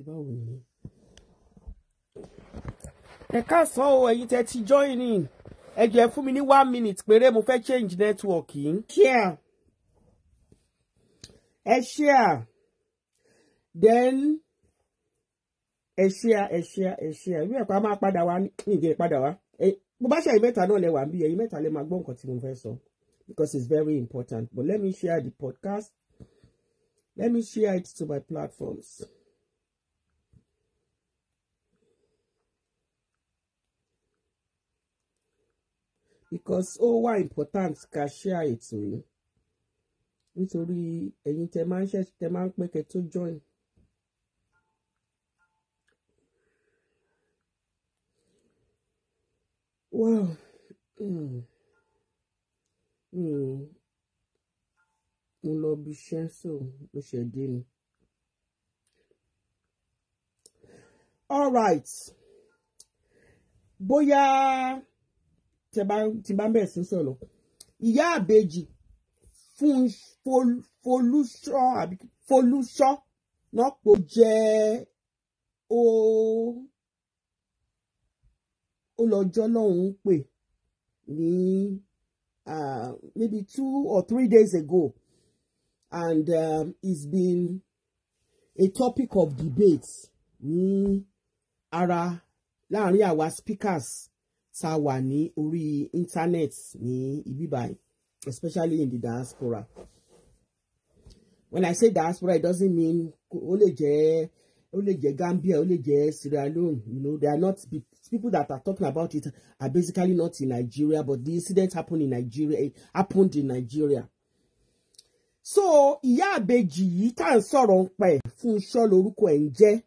àti báwo nìyẹn. ẹ káàsán o ẹ̀yin tẹ́ ti join in ẹ jẹ́ fún mi ní one minute péré mo fẹ́ change network yìí. share ẹ share then ẹ share ẹ share ẹ share ìwé ẹ̀kọ́ a máa padà wá nìyẹn padà wá bó bá ṣe ẹ̀yin mẹ́ta náà lẹ wà ń bí ẹ̀yin mẹ́ta lẹ máa gbọ́ nǹkan tí mo fẹ́ sọ because it's very important but let me share the podcast let me share it to my platforms. because ó wà important ká share ètò yìí nítorí ẹ̀yin tẹ máa ń ṣẹ̀ tẹ máa ń pé kẹ́ tó join. wow mm. Mm. mo lọ bí ṣẹ́ńsọ̀ mo ṣẹ̀ dé ni. all right bóyá tẹ bá ti bá ń bẹ̀rẹ̀ sí sọ̀rọ̀ ìyá àbèjì fún folúṣọ́ àbí folúṣọ́ náà pò jẹ́ ó ó lọ́jọ́ lọ́hùn ún pè ní maybe two or three days ago and um, it's been a topic of debate ní ara láàrin àwa speakers tá a wà ní orí internet ní ibi báyìí especially in the diaspora when I say diaspora it doesn't mean ó lè jẹ́ ó lè jẹ́ Gambia ó lè jẹ́ Sierra Leone you know they are not people that are talking about it are basically not in Nigeria but the incident happened in Nigeria it happened in Nigeria so ìyá àbejì yìí tá à ń sọ̀rọ̀ ń pẹ̀ Fúnṣọ́ lórúkọ ẹ̀ ń jẹ́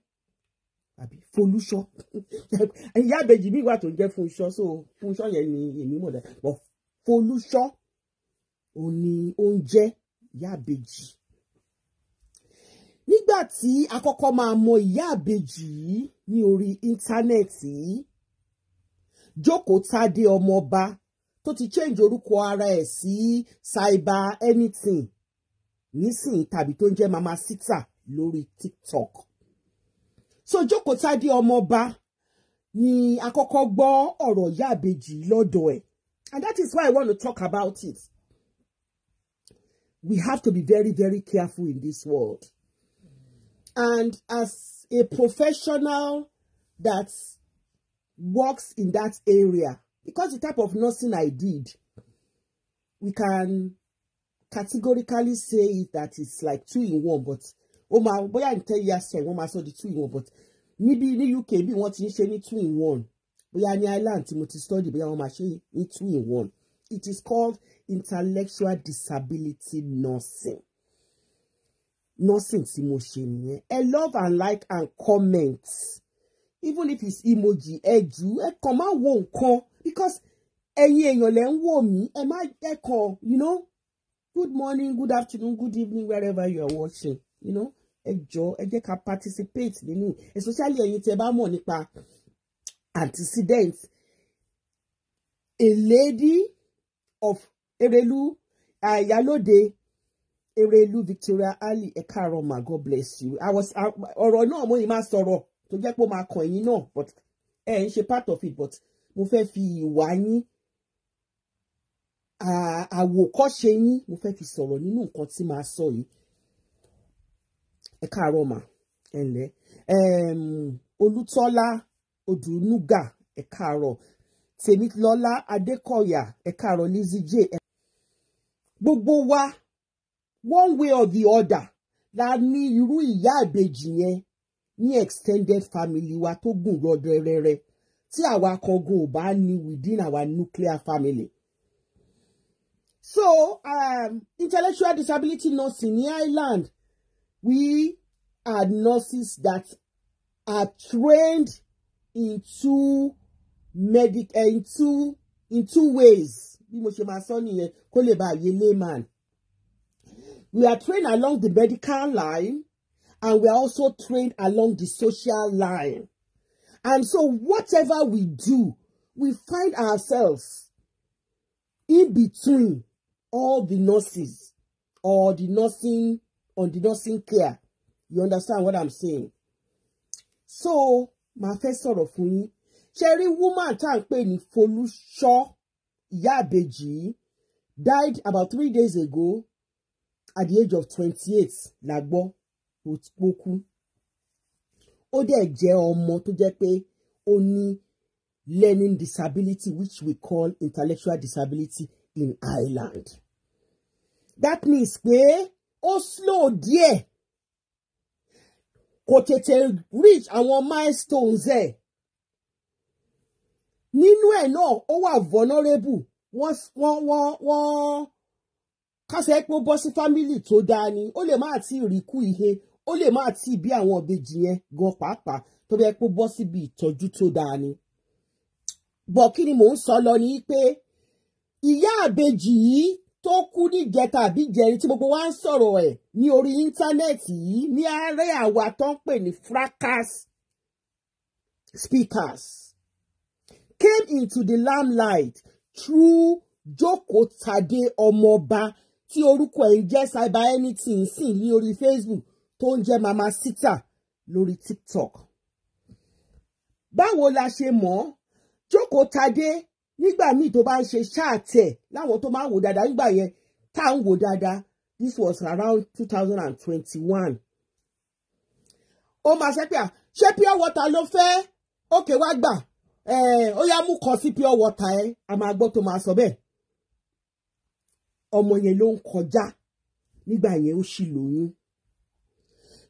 àbí folúṣọ ìyá àbèjì bí ìwà tó ń jẹ́ fúnṣọ so fúnṣọ yẹn ni èmi mọ̀ dáa bọ folúṣọ ò ní oúnjẹ ìyá àbèjì nígbà tí a kọ́kọ́ máa mọ ìyá àbèjì yìí ní orí íńtánẹ́ẹ̀tì jókòó tádé ọmọọba tó ti change orúkọ ara ẹ̀ sí cyber anything nísìnyí tàbí tó ń jẹ́ mama sita lórí tiktok so jókòó tádé ọmọọba ni a kọ́kọ́ gbọ́ ọ̀rọ̀ ìyá àbèjì lọ́dọ̀ and that is why I want to talk about it we have to be very very careful in this world and as a professional that works in that area because the type of nursing I did, we can categorically say that it's like two in one, but ó máa bóyá in ten years time wọ́n máa sọ di two in one but níbi ní UK bí wọ́n ti ń ṣe ní two in one bóyá ní Ireland tí mo ti study bóyá wọ́n máa ṣe ní two in one it is called intellectual disability nursing nursing tí mo ṣe nìyẹn ẹ love and like and comment even if it's emoji ẹ jù ẹ kàn máa wo nǹkan because ẹ̀yin èèyàn lẹ ń wò mí ẹ má ẹ kàn you know good morning good afternoon good evening wherever you are watching you know ẹ jọ ẹ jẹ́ ká participate nínú especially ẹ̀yin tí ẹ bá mọ̀ nípa antecedent a lady of Erelu Ayalode uh, Erelu Victoria Ali ekaroma God bless you I was uh, ọ̀rọ̀ náà mo yìí máa sọ̀rọ̀ tó jẹ́ pé ó máa kàn yín náà but ẹ ń ṣe part of it but mo fẹ́ fi ìwà yín àwòkọ́ṣe yín mo fẹ́ fi sọ̀rọ̀ nínú nǹkan tí màá sọ yìí ẹ káàárọ̀ mà ẹ ǹlẹ́ olútọ́lá odùnúgà ẹ káàárọ̀ tèmilọ́lá adékọ̀yà ẹ káàárọ̀ lizzie j gbogbo wa one way or the other la ní irú ìyá ìbejì yẹn ní extended family wa tó gùn rọdẹrẹrẹ tí àwa kan gan ò bá ní within our nuclear family. So um, intellectual disability nursing ní Ireland we are nurses that are trained in two medic uh, in two in two ways bí mo ṣe máa sọ nìyẹn kó lè bá yé layman we are trained along the medical line and we are also trained along the social line and so whatever we do we find ourselves in between all the nurses or the nursing on the nursing care you understand what i'm saying so màá fẹ́ sọ̀rọ̀ fún yín ṣe rí woman tá à ń pè ní folúṣọ́ ìyá àbèjì died about three days ago at the age of twenty-eight la gbọ́ ló kú ó dẹ̀ jẹ́ ọmọ tó jẹ́ pé ó ní learning disability which we call intellectual disability in Ireland that means pé ó slow díẹ̀ kò tètè reach àwọn milestones ẹ̀ nínú ẹ̀ náà ó wà vulnerable wọ́n wọ́n wọ́n wọ́n kásẹ̀ pé ó bọ́ sí fámìlì tó dáa ni ó lè máa ti rí ihe ó lè máa ti bí àwọn ìbejì yẹn gan pàápàá tó bẹ́ẹ̀ pé ó bọ́ síbi ìtọ́jú tó dáa ni. bọ̀ kí ni mò ń sọ lọ ni pé ìyá àbejì yìí tó kú níjẹta àbí jẹrin tí gbogbo wa ń sọ̀rọ̀ ẹ̀ ní orí íńtánẹ́ẹ̀tì yìí ní àárẹ̀ àwa tó ń pè ní fracas speakers came into the limelight through Joko Tade Ọmọọba tí orúkọ ẹ̀ ń jẹ́ cyber anything sì ní orí Facebook tó ń jẹ́ mama sita lórí TikTok. Báwo la ṣe mọ̀ Joko Tade nígbà míì tó bá ń ṣe ṣáàtì ẹ̀ láwọn tó máa ń wò dáadáa nígbà yẹn tá à ń wò dáadáa this was around two thousand and twenty-one. ó máa ṣe pé à ṣé pure water ló fẹ́ òkè wá gbà ó yá mú kọ sí pure water ẹ a máa gbọ́ tó máa sọ bẹ́ẹ̀ ọmọ yẹn ló ń kọjá nígbà yẹn ó ṣì lóyún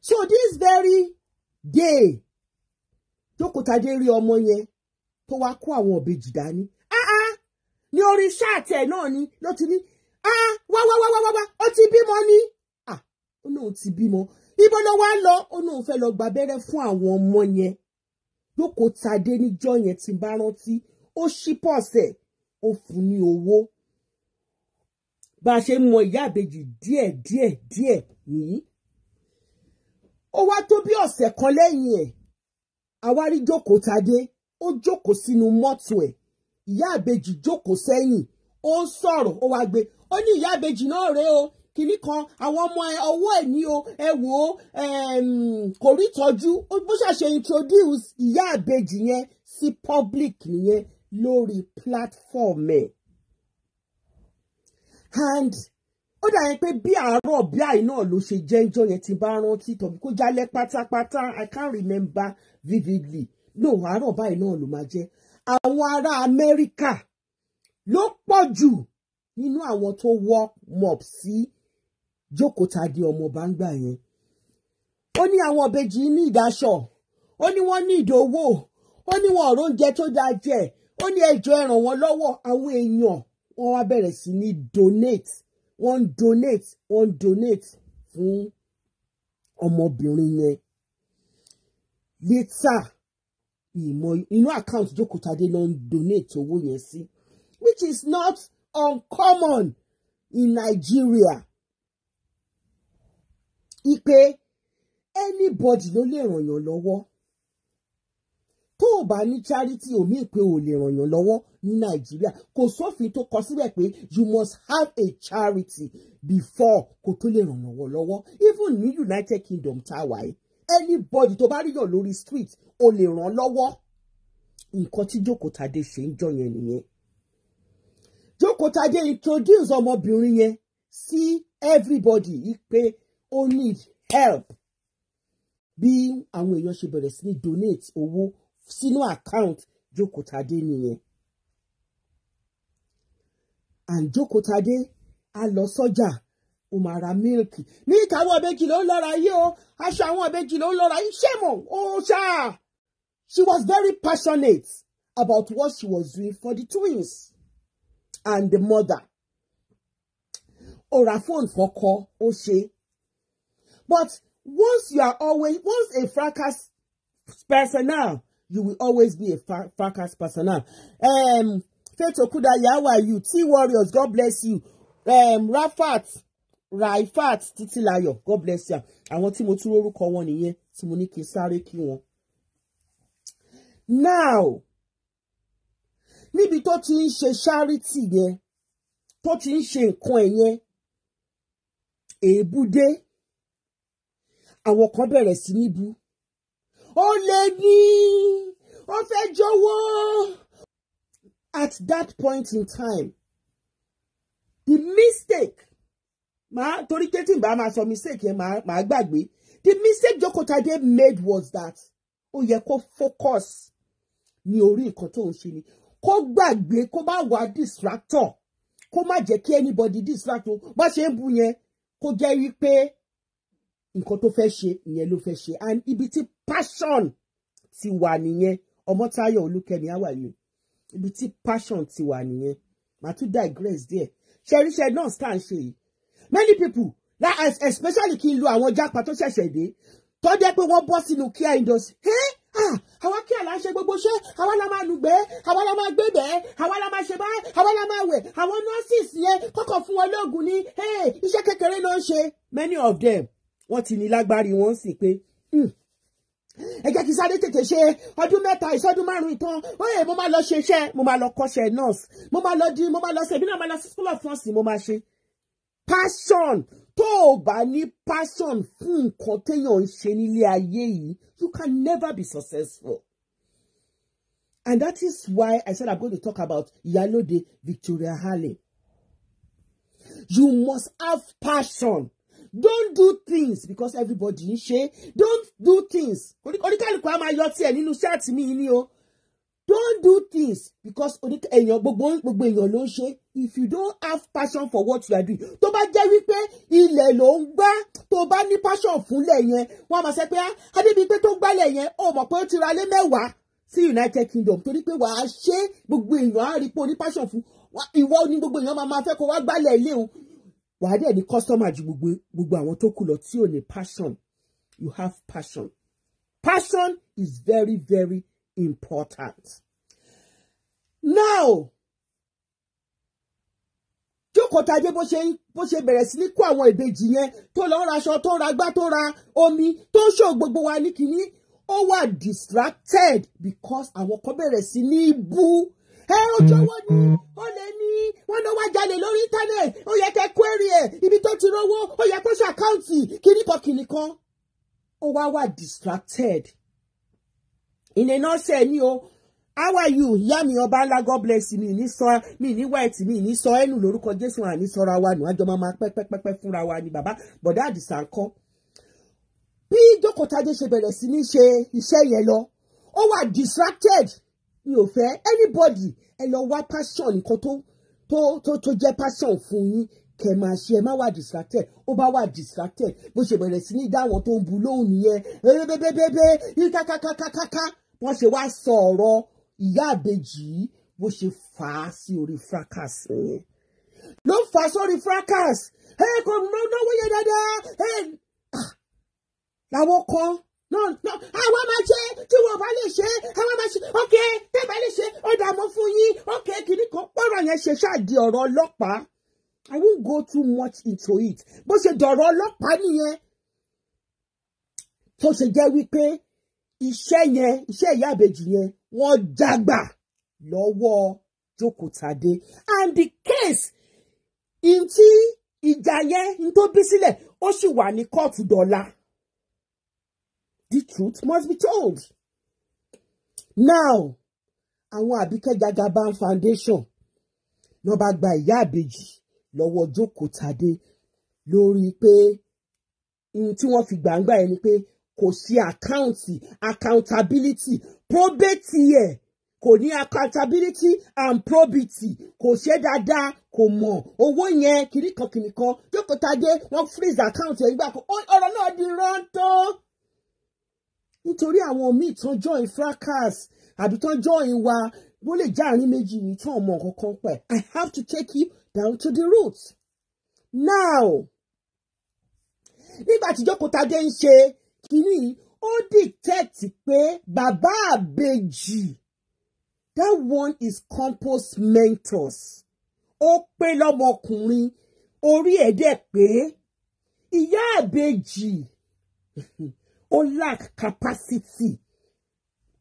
so this very day jókòtadé rí ọmọ yẹn tó wá kó àwọn òbejì dání ní orí ṣáàtì ẹ̀ náà ni ló ti ní a ah, wá wá wá wá wá ó ti bímọ ni à ah, ó náà ti bímọ ibo ló wá lọ ó náà fẹ́ lọ gbàbẹ́rẹ́ fún àwọn ọmọ yẹn lóko tadé níjọ́ yẹn ti bá rántí ó ṣí pọ̀sẹ̀ ó fún ní owó bá a ṣe ń mọ ìyá àbejì díẹ̀ díẹ̀ díẹ̀ yìí ó wá tó bí ọ̀sẹ̀ kan lẹ́yìn ẹ̀ àwárí jókòó tadé ó jókòó sínú mọ́tò ẹ̀ ìyá àbejì jókòó sẹ́yìn ó ń sọ̀rọ̀ ó wá gbé ó ní ìyá àbejì náà rèé o kìnnì kan àwọn ọmọ ọwọ́ ẹ̀ ní o ẹ wò ó kò rí tọ́jú bó ṣàṣe introduce ìyá àbejì yẹn sí public nìyẹn lórí platform ẹ̀. and ó dà yẹn pé bí àárọ̀ bí àìná ló ṣe jẹ́ yẹn ti bá rántí tọ̀bí kó jálẹ̀ pátápátá I can't remember vividly no àárọ̀ báyìí náà ló máa jẹ́ àwọn ará Amẹ́ríkà ló pọ̀ jù nínú àwọn tó wọ́ mọ̀p sí jókòtadé ọmọ bàǹgbà yẹn ó ní àwọn ìbejì ní ìdáṣọ ó ní wọ́n ní ìdówó ó ní wọn ọ̀rọ̀ oúnjẹ tó dáa jẹ ó ní ẹjọ́ ẹ ràn lọ́wọ́ àwọn èèyàn wọ́n wá bẹ̀rẹ̀ sí ní donate wọ́n donate wọ́n ń donate fún ọmọbìnrin yẹn lítà ìmọ̀ inú account jókòtadé ló ń donate owó yẹn sí which is not uncommon in Nigeria ipe anybody ló lè ràn yàn lọ́wọ́ tó o bá ní charity omi ìpè ò lè ràn yàn lọ́wọ́ ní Nàìjíríà kò sófin tó kọ síbẹ̀ pé you must have a charity before kò tó lè ràn yàn lọ́wọ́ even ní United Kingdom tá a wà anybody tó bá ríyàn lórí street o lè ràn lọ́wọ́ nǹkan tí jókòtadé ṣe ń jọ yẹn nìyẹn jókòtadé introduce ọmọbìnrin yẹn sí everybody pé ó need help bí àwọn èèyàn ṣe bẹ̀rẹ̀ sí ní donate owó sínú account jókòtadé nìyẹn and jókòtadé a lọ sọ́jà. So Umara máa ra mílìkì ní ìkàwọ́ ìbejì ló ń lọ́ra yé o aṣọ àwọn ìbejì ló ń lọ́ra yé ṣé mọ̀ ó ṣáà. She was very passionate about what she was doing for the twins and the mother. Ó ra fóònù fọ́kọ ó ṣe. But once you are always once a fracas personnel you will always be a fracas personnel. Um, Faith Okuda, how are you? T Warriors, God bless you. Um, Rafat, raifat títílayọ̀ god bless ya. àwọn tí mo tún lórúkọ wọn nìyẹn tí mo ní kí n sáré kí wọn. now níbi tó ti ń ṣe charity yẹn tó ti ń ṣe nǹkan ẹ̀ yẹn èébú dé àwọn kan bẹ̀rẹ̀ sí níbu ó lè ní ó fẹ́ jọ̀wọ́ at that point in time the mistake màá torí pé tí bá máa sọ mistake yẹn màá gbàgbé the mistake Joko Tade made was that ó yẹ kó focus ní orí nǹkan tó ń ṣe ni kó gbàgbé kó má wá distractor kó má jẹ́ kí anybody distractor, o bá ṣe ń bu yẹn kó jẹ́ wípé nǹkan tó fẹ́ ṣe ìyẹn ló fẹ́ ṣe and ibi tí passion ti wà nìyẹn Ọmọ́táyọ̀ Olúkẹ́mi á wà yìí ibi tí passion ti wà nìyẹn màá tún digress díẹ̀ ṣẹríṣẹ náà stand ṣe yìí many people like especially kí n lo àwọn jápa tó ṣẹ̀ṣẹ̀ dé tó jẹ́ pé wọ́n bọ́ sínú care industry hey, ah, àwa kí àlá ṣe gbogbo ṣe àwa la máa lùgbẹ́ àwa la máa gbébẹ́ àwa la máa ṣe bá àwa la máa wẹ̀ àwọn nọ́ọ̀sìsì yẹn kọ́kọ́ fún wọn lóògùn ní iṣẹ́ kékeré ló ń ṣe many of them wọ́n ti ní lágbárí wọ́n sì pé hmm, ẹ jẹ́ kí sáré tètè ṣe ọdún mẹ́ta ìṣọ́dún márùn-ún ìtàn oye mo máa lọ ṣe iṣẹ́ mo máa lọ kọ́ṣẹ́ nurse mo máa lọ di mo máa lọ ṣe èmi náà máa lọ sí school of nurse mo máa ṣe passion tó o bá ní passion fún nǹkan téèyàn ń ṣe nílé ayé yìí you can never be successful. And that is why I said I'm going to talk about Yalode Victoria Harley. You must have passion. Don't do things because everybody ń ṣe. Don't do things. Oníkàlùkù á máa yọ tiẹ̀ nínú iṣẹ́ àtìmí yìí ni o don't do things because oni èèyàn gbogbo gbogbo èèyàn ló ń ṣe if you don't have passion for what you are doing tó bá jẹ́ wípé ilẹ̀ ló ń gbá tó bá ní passion fúnlẹ̀ yẹn wọ́n á máa ṣe pé ah, adébíyí tó gbálẹ̀ yẹn ó mọ̀ pé ó ti ra lé mẹ́wàá sí United Kingdom torí pé wàá ṣe gbogbo èèyàn á rí pé o ní passion fún ìwọ ni gbogbo èèyàn máa máa fẹ́ kó wá gbálẹ̀ ilé o wàá dẹ̀ ní customer ju gbogbo gbogbo àwọn tó kù lọ tí ò ní passion you have passion passion is very very important. Now, jókòtàjé bó ṣe bó ṣe bẹ̀rẹ̀ sí ní kó àwọn ìbejì yẹn tó lọ raṣọ tó ra gbá tó ra omi tó ṣò gbogbo wa ní kínní ó wà distracted because àwọn kan bẹ̀rẹ̀ sí ní bú ẹ ojú owó ni ó lè ní wọn ló wá jalè lórí íńtánẹ̀tì ó yẹ kẹ́ kwérì ẹ̀ ibi tó ti rówó ó yẹ kó ṣàkáǹtì kìnnìkan kìnnìkan ó wá wà distracted In a ṣe ní o how are you ìyá mi ọba ńlá god bless mi ní sọ mi ní white mi ní sọ ẹnu lórúkọ jésù wa ní sọra wa nù àjọ máa pẹ́pẹ́pẹ́ fúnra wa ni bàbá bọ̀dá àdìsá ń bí jókòtadé ṣe bẹ̀rẹ̀ sí ní ṣe iṣẹ́ yẹn lọ ó wà distracted mi ò fẹ́ anybody ẹ lọ wá passion nǹkan tó tó tó tó jẹ́ passion fún yín kẹ máa ṣe ẹ má wà distracted ó bá wà distracted bó ṣe bẹ̀rẹ̀ sí ní dáwọn tó ń bu lóhùn nìyẹn bẹ́ẹ̀ bẹ́ẹ̀ bẹ́ẹ̀ bẹ́ẹ̀ yín kákákákákáká wọ́n ṣe wá sọ ọ̀rọ̀ ìyá àbèjì bó ṣe fà á sí orí fracas yẹn ló fà á sórí fracas ẹ kò náwó yẹn dáadáa ẹ ah, làwọn kan náà àwọn máa ṣe tí wọn bá lè ṣe àwọn máa ṣe ok tẹ́bà lè ṣe ọ̀dà mọ́ fún yín ok kìíní kan pọ̀rọ̀ yẹn ṣe ṣáàdì ọ̀rọ̀ ọlọ́pàá I won't go too much into it bó ṣe dọ̀rọ̀ ọlọ́pàá nìyẹn tó ṣe jẹ́ wípé iṣẹ́ yẹn iṣẹ́ ìyá àbèjì yẹn wọ́n jágbà lọ́wọ́ jókòtadé and the case in ti ìjà yẹn in tó bí sílẹ̀ ó sì wà ní kóòtù dọ́là the truth must be told now àwọn àbíkẹ́ jagaban foundation ló bá gba ìyá àbèjì lọ́wọ́ jókòtadé lórí pé ohun tí wọ́n fi gbàǹgbà yẹn ni pé kò ṣe àkáǹtì accountability probate ẹ̀ kò ní accountability and probity kò ṣe dáadáa kò mọ̀ owó yẹn kìnnìkan kìnnìkan jókòó tadé wọ́n freeze account ẹ̀ nígbà kan ọ̀rọ̀ náà di rántọ́ nítorí àwọn míì tán join fracas àbí tán join wa wọ́n lè já àárín méjì yìí tán ọmọ kankan pẹ̀ I have to take you down to the roots now nígbà tí jókòó tadé ń ṣe kínní yìí ó detect pé bàbá àbèjì that one is compost mentors ó pé lọ́mọkùnrin orí ẹ̀ dẹ̀ pé ìyá àbèjì ó lack capacity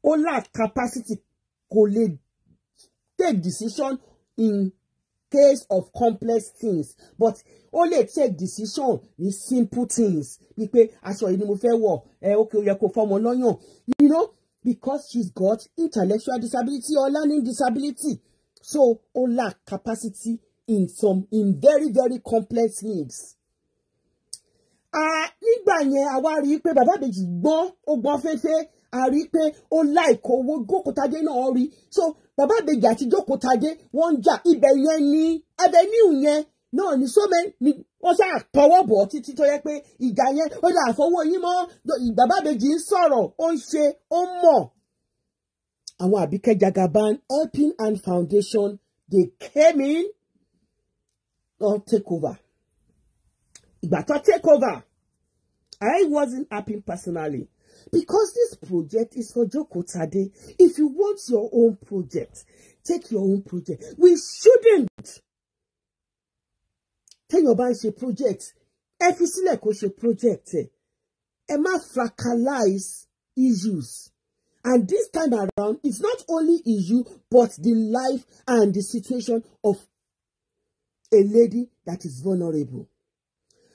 ó lack capacity kò lè take decision in case of complex things but ó lè take decision ní simple things bí pé aṣọ yìí ni mo fẹ́ wọ̀ ẹ ókè ó yẹ kó fọmọ lọ́yàn you know because she's got intellectual disability or learning disability so ó lack capacity in some in very very complex needs. nígbà yẹn àwa rí i pé bàbá ìbejì gbọ́n ó gbọ́n fẹ́fẹ́ a rí i pé ó láìkó owó gókòtàdé náà rí so bàbá àbèjì àti jókòó tadé wọ́n ń jà ibẹ̀ yẹn ní avenue yẹn náà ní so many ni wọ́n ṣáà tọwọ́ bọ̀ títí tó yẹ pé ìjà yẹn ó dà fọwọ́ yín mọ́ bàbá àbèjì ń sọ̀rọ̀ ó ń ṣe ó ń mọ̀. àwọn àbíkẹ́ jagaban helping hand foundation they came in Or take over ìgbà tó take over I wasn't happy personally Because this project is for Joko Tade. If you want your own project, take your own project. We shouldn't. Téèyàn your ń ṣe project. Ẹ fi sílẹ̀ kó project. Emma má issues. And this time around, it's not only issue, but the life and the situation of a lady that is vulnerable.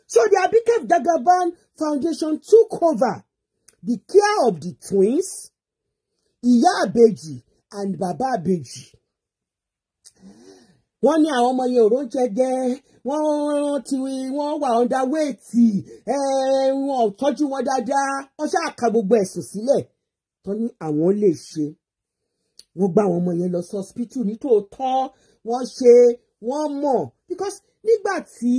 So the Abike Dagaban Foundation took over the care of the twins, Ìyá Àbèjì and Baba Àbèjì. Wọ́n ní àwọn ọmọ yẹn òró ń jẹ jẹ, wọ́n ti wọ́n wà ọ̀ndàwéètì, wọn ò tọ́jú wọn dáadáa, wọ́n ṣáà ka gbogbo ẹ̀sùn sílẹ̀. Tán ní àwọn lè ṣe. Wọ́n gba àwọn ọmọ yẹn lọ sí hospital nítòótọ́, wọ́n ṣe, wọ́n mọ̀. Because nígbà tí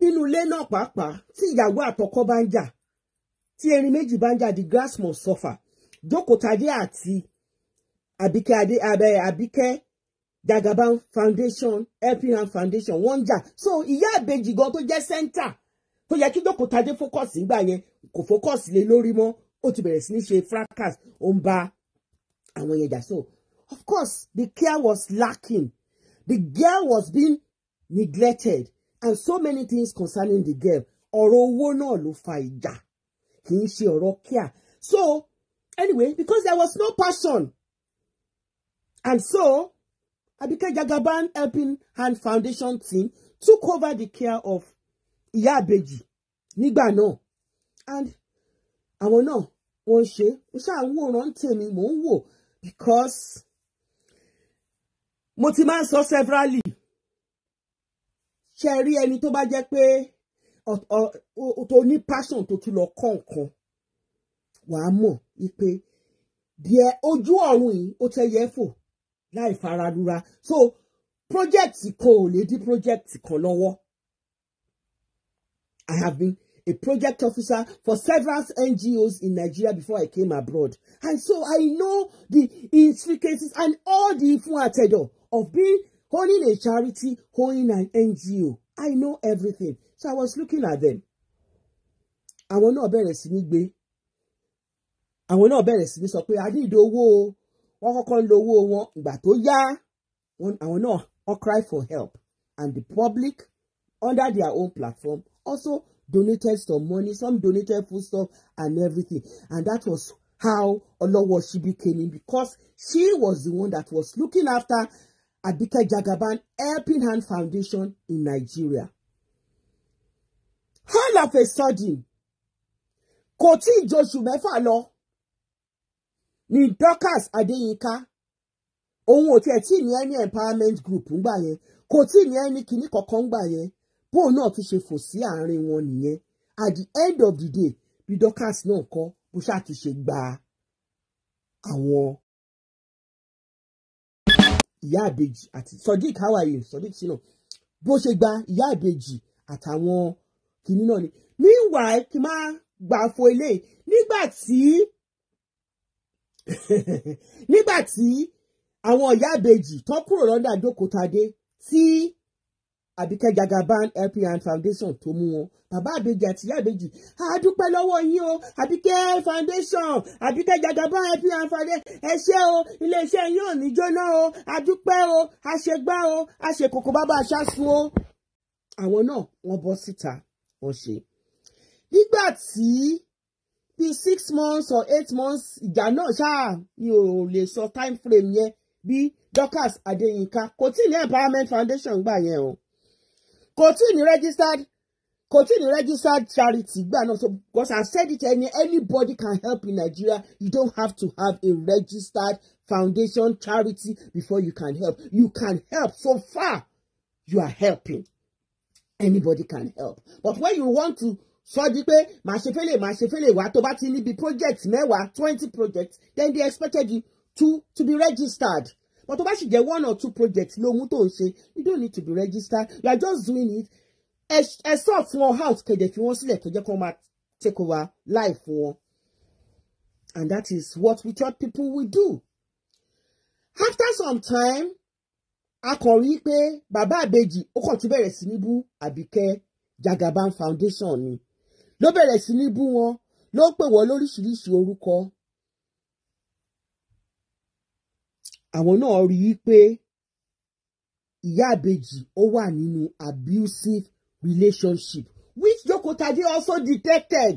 nínú ilé náà pàápàá tí ìyàwó àtọkọ bá ń jà tí erin méjì bá ń jà grass must suffer jókòtadé àti abike adé abẹ abike jagaban foundation helping hand foundation wọ́n ń jà so ìyá ìbejì gan tó jẹ́ center tó yẹ kí jókòtadé focus nígbà yẹn kò focus lé lórí mọ́ ó ti bẹ̀rẹ̀ sí ní ṣe fracas ó ń bá àwọn yẹn jà so of course the care was lacking the girl was being neglected and so many things concerning the girl ọ̀rọ̀ owó náà ló fa ìjà kì í ṣe ọ̀rọ̀ kíá so anyway because there was no passion and so Abike Jagaban Helping Hand Foundation team took over the care of Ìyá Àbèjì nígbà náà and àwọn náà wọ́n ń ṣe ó ṣáà ń wòran tèmi mò ń wò because mo ti máa ń sọ severally ṣe rí ẹni tó bá jẹ́ pé tó ní passion tó tún lọ kọ́ nǹkan wàá mọ̀ wípé díẹ̀ ojú ọ̀run yìí ó tẹ́ yẹ fò láì fararura so project kan ò lè di project kan lọ́wọ́ I have been a project officer for several NGOs in Nigeria before I came abroad. And so I know the intricacies and all the infuatedo of being owning a charity, owning an NGO. I know everything so i was looking at them àwọn náà bẹ̀rẹ̀ sí ní gbé àwọn náà bẹ̀rẹ̀ sí ní sọ pé a ní ìdí owó wọn kọ́kọ́ ń lo owó wọn ìgbà tó yá àwọn náà wọn cry for help and the public under their own platform also donated some money some donated foodstuff and everything and that was how Olowo Shibi came in because she was the one that was looking after Abike Jagaban Helping Hand Foundation in Nigeria all of a sudden kò tí ì joṣù mẹ́fà lọ ní Dorcas Adéyínká òun ò tiẹ̀ tí ì ní any empowerment group ńgbà yẹn kò tí ì ní any kinní kankan ńgbà yẹn bóun náà tún ṣe fò sí àárín wọn nìyẹn at the end of the day bí Dorcas náà kọ́ bó ṣáà ti ṣe gba àwọn ìyá àbèjì àti Sodiq how are you Sodiq Shina bó ṣe gba ìyá àbèjì àtàwọn kìíní náà ni meanwhile kí n máa gbà fo ilé nígbà tí nígbà tí àwọn ìyá àbèjì tó kúrò lọ́dọ̀ àdókòtadé tí àbíkẹ́ jagaban helping hand foundation tó mú wọn bàbá àbèjì àti ìyá àbèjì àdúpẹ́ lọ́wọ́ yín o àbíkẹ́ foundation àbíkẹ́ jagaban helping hand foundation ẹ ṣé o iléeṣẹ́ yín ò ní jóná o àdúpẹ́ o àṣegbá o àṣekòkò bàbá aṣáṣu o àwọn náà wọ́n bọ́ síta ó ṣe nígbà tí bí six months or eight months ìjà náà ṣáà mi ò lè sọ time frame yẹn bí Dorcas Adéyínká kò tí ní empowerment foundation gbà yẹn o kò tí ní registered kò tí ní registered charity gbà náà so because I said it any anybody can help in Nigeria you don't have to have a registered foundation charity before you can help you can help so far you are helping anybody can help but when you want to sọjí pé màá ṣe fẹ́lẹ̀ màá ṣe fẹ́lẹ̀ wá tó bá ti níbi project mẹ́wàá twenty projects then they expected you to to be registered but tó bá sì jẹ́ one or two projects lóhun tó ń ṣe you don't need to be registered you are just doing it ẹ sọ fún ọ house kẹ̀dẹ̀ fi wọ́n sílẹ̀ kẹjẹ́ kan máa take over life wọn and that is what we church people will do after some time akọ̀wé pé bàbá àbejì ó kàn ti bẹ̀rẹ̀ sí ní bú àbíkẹ́ jagaban foundation ni ló bẹ̀rẹ̀ sí ní bú wọn ló pè wọ́n lóríṣiríṣi orúkọ àwọn náà rí i pé ìyá àbejì ó wà nínú abusive relationship which Jokotade also detected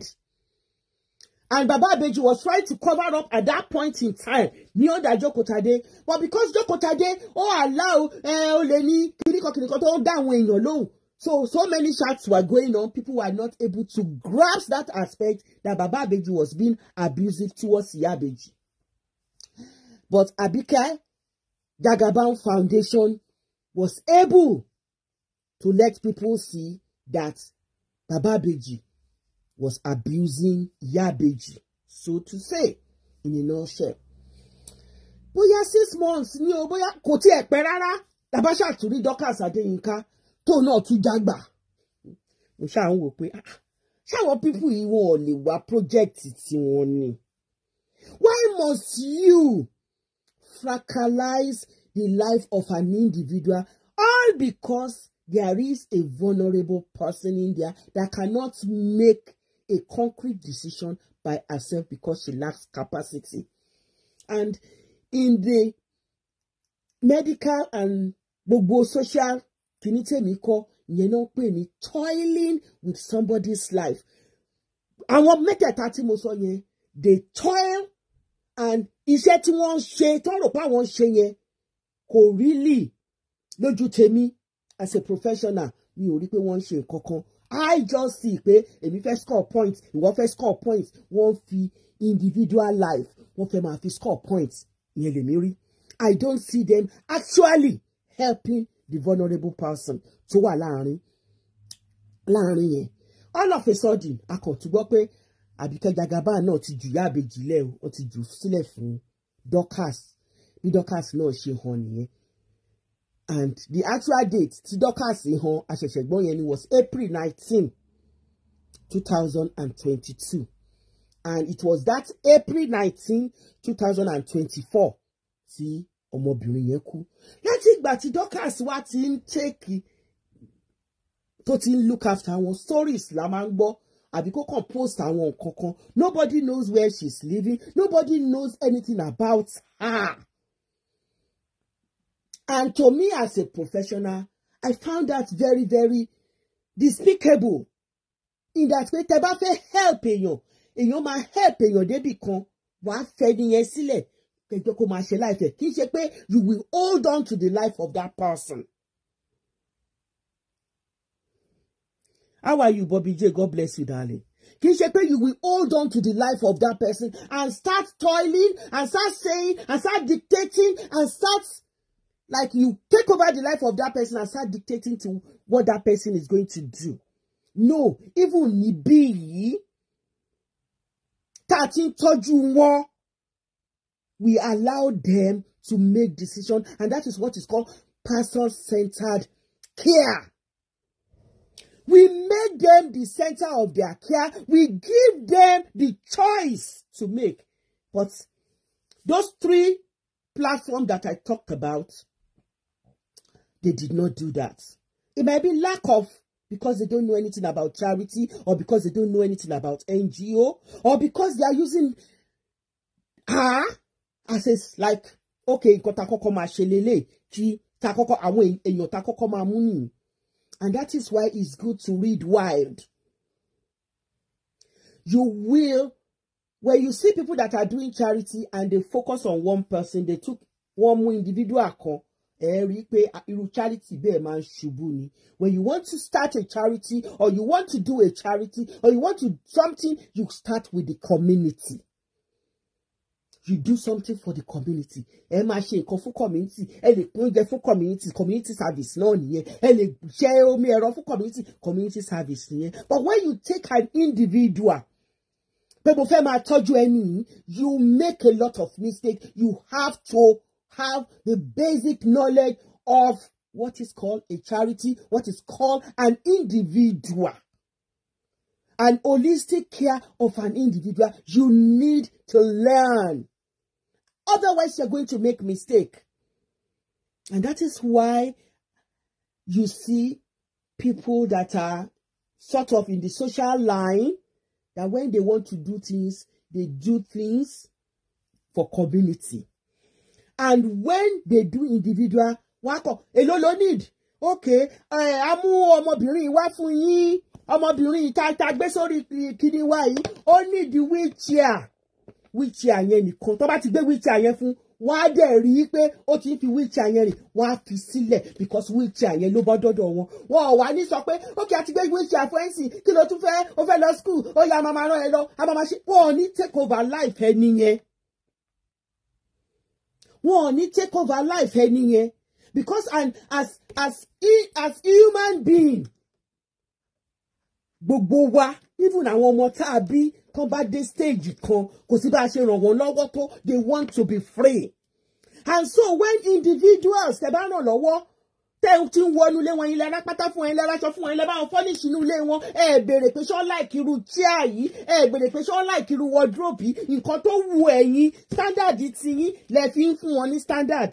And Baba Abeji was trying to cover up at that point in time ní ọ̀dà Jokotade. But because Jokotade ó allow eh, ó lè ní kìnnìkankìnnìkan tó ń dá àwọn èèyàn lóhùn. So, so many shots were going on. People were not able to grasp that aspect that Baba Abeji was being abusive towards Iya Abeji. But Abike Jagaban Foundation was able to let people see that Baba Abeji was abusing Yabeji, so to say, in a nutshell. Bóyá six months ni o, bóyá kò tí ẹ̀ pẹ́ rárá, tàbá ṣàtúrí Dorcas Adéyínká tó náà tún jágbà. Mo ṣáà ń wò pé ah, ṣáwọn pípù yìí wọn ò lè wá project tiwọn ni. Why must you fractalize the life of an individual all because there is a vulnerable person in there that cannot make a concrete decision by herself because she lacks capacity. And in the medical and gbogbo social kìíní tèmi kọ ìyẹn náà pè ní toiling with somebody's life. Àwọn mẹ́tẹ̀ẹ̀ta tí mo sọ yẹn they toil and iṣẹ́ tí wọ́n ń ṣe tọ́rọ̀ pa àwọn ṣe yẹn kò rí lì lójú tèmi as a professional mi ò rí pé wọ́n ń ṣe nǹkan kan I just see pé èmi fẹ́ score points ìwọ fẹ́ score points wọ́n fi individual life wọ́n fẹ́ máa fi score points yẹn lèmi rí I don't see them actually helping the vulnerable person tó wà láàrin láàrin yẹn all of a sudden akọ̀tún gbọ́ abike Àbíkẹ́ Jagaban náà ti jù yáàbejì lẹ́ o ti jù sílẹ̀ fún Dorcas bí Dorcas náà ṣe hàn nìyẹn and the actual date tí Dorcas han àṣẹ̀ṣẹ̀gbọ́n yẹn ni was April nineteen two thousand and twenty-two and it was that April nineteen two thousand and twenty-four tí ọmọbìnrin yẹn kú láti ìgbà tí Dorcas wá ti ń tẹ́kì tó ti ń look after àwọn stories la máa ń gbọ́ àbí kó kàn post àwọn nǹkan kan nobody knows where she's living nobody knows anything about her And to me, as a professional, I found that very, very despicable. In that way, tẹ́ bá fẹ́ help èèyàn, èèyàn máa help èèyàn débi kan, wàá fẹ́ nìyẹn sílẹ̀, kẹjọ kó máa ṣe láìfẹ́. Kì í ṣe pé you will hold on to the life of that person. How are you, Bobby J? God bless you, darling. Kì í ṣe pé you will hold on to the life of that person and start toiling and start saying and start dictating and start Like you take over the life of that person and start dictating to what that person is going to do. No, even níbí yìí tá a ti we allow them to make decision and that is what is called person-centered care. We make them the center of their care. We give them the choice to make. But those three platforms that I talked about, They did not do that. It might be lack of because they don't know anything about charity or because they don't know anything about NGO or because they are using her as a like okay nǹkan ta kọ́kọ́ máa ṣe lélẹ̀ kí ta kọ́kọ́ àwọn èèyàn ta kọ́kọ́ máa mú nìyí and that is why it's good to read wild you will when you see people that are doing charity and they focus on one person they took one more individual kan ẹ rí i pé irú charity bẹ́ẹ̀ máa ń ṣubú ni when you want to start a charity or you want to do a charity or you want to do something you start with the community you do something for the community ẹ máa ṣe nǹkan fún community ẹ lè pín oúnjẹ fún community community service náà nìyẹn ẹ lè ṣe omi ẹ̀rọ fún community community service nìyẹn but when you take an individual pé mo fẹ́ máa tọ́jú ẹni yìí you make a lot of mistakes you have to have the basic knowledge of what is called a charity, what is called an individual, an holistic care of an individual. You need to learn. Otherwise, you're going to make mistake. And that is why you see people that are sort of in the social line, that when they want to do things, they do things for community and when they do individual wọn kọ èló need okay ẹ eh, a mú ọmọbìnrin wá fún yín ọmọbìnrin ìtajà gbé sórí kíní wá yìí ó need wheelchair wheelchair yẹn nìkan tó bá ti gbé wheelchair yẹn fún wọ́n á dẹ̀ rí i pé ó ti ń fi wheelchair yẹn rìn wọ́n fi sílẹ̀ because wheelchair yẹn ló bọ́ dọ́dọ̀ wọn. wọn ò wá ní sọ pé ókè àti gbé wheelchair fún ẹ̀sìn kí ló tún fẹ́ ó fẹ́ lọ school ó yá a máa máa rán ẹ lọ a máa máa ṣe wọn ò ní take over life ẹni yẹn wọn ò ní take over life ẹni yẹn because and as as as human being gbogbo wa even àwọn ọmọ tá a bí kan bá dé stage kan kò sí bá a ṣe ràn wọ́n lọ́wọ́ tó they want to be free and so when individuals tẹ́ bá ràn lọ́wọ́ tẹ́ ti ń wọnú ilé wọn ilé arápátá fún wọn ilé aráṣọ fún wọn ilé báwọn fọ́nìṣì inú ilé wọn ẹ bèrè pé ṣọ́ọ́ láìkí irú chair yìí ẹ bèrè pé ṣọ́ọ́ láìkí irú wardrobe yìí nǹkan tó wù ẹ̀yin standard ti yín lẹ fi ń fún wọn ní standard.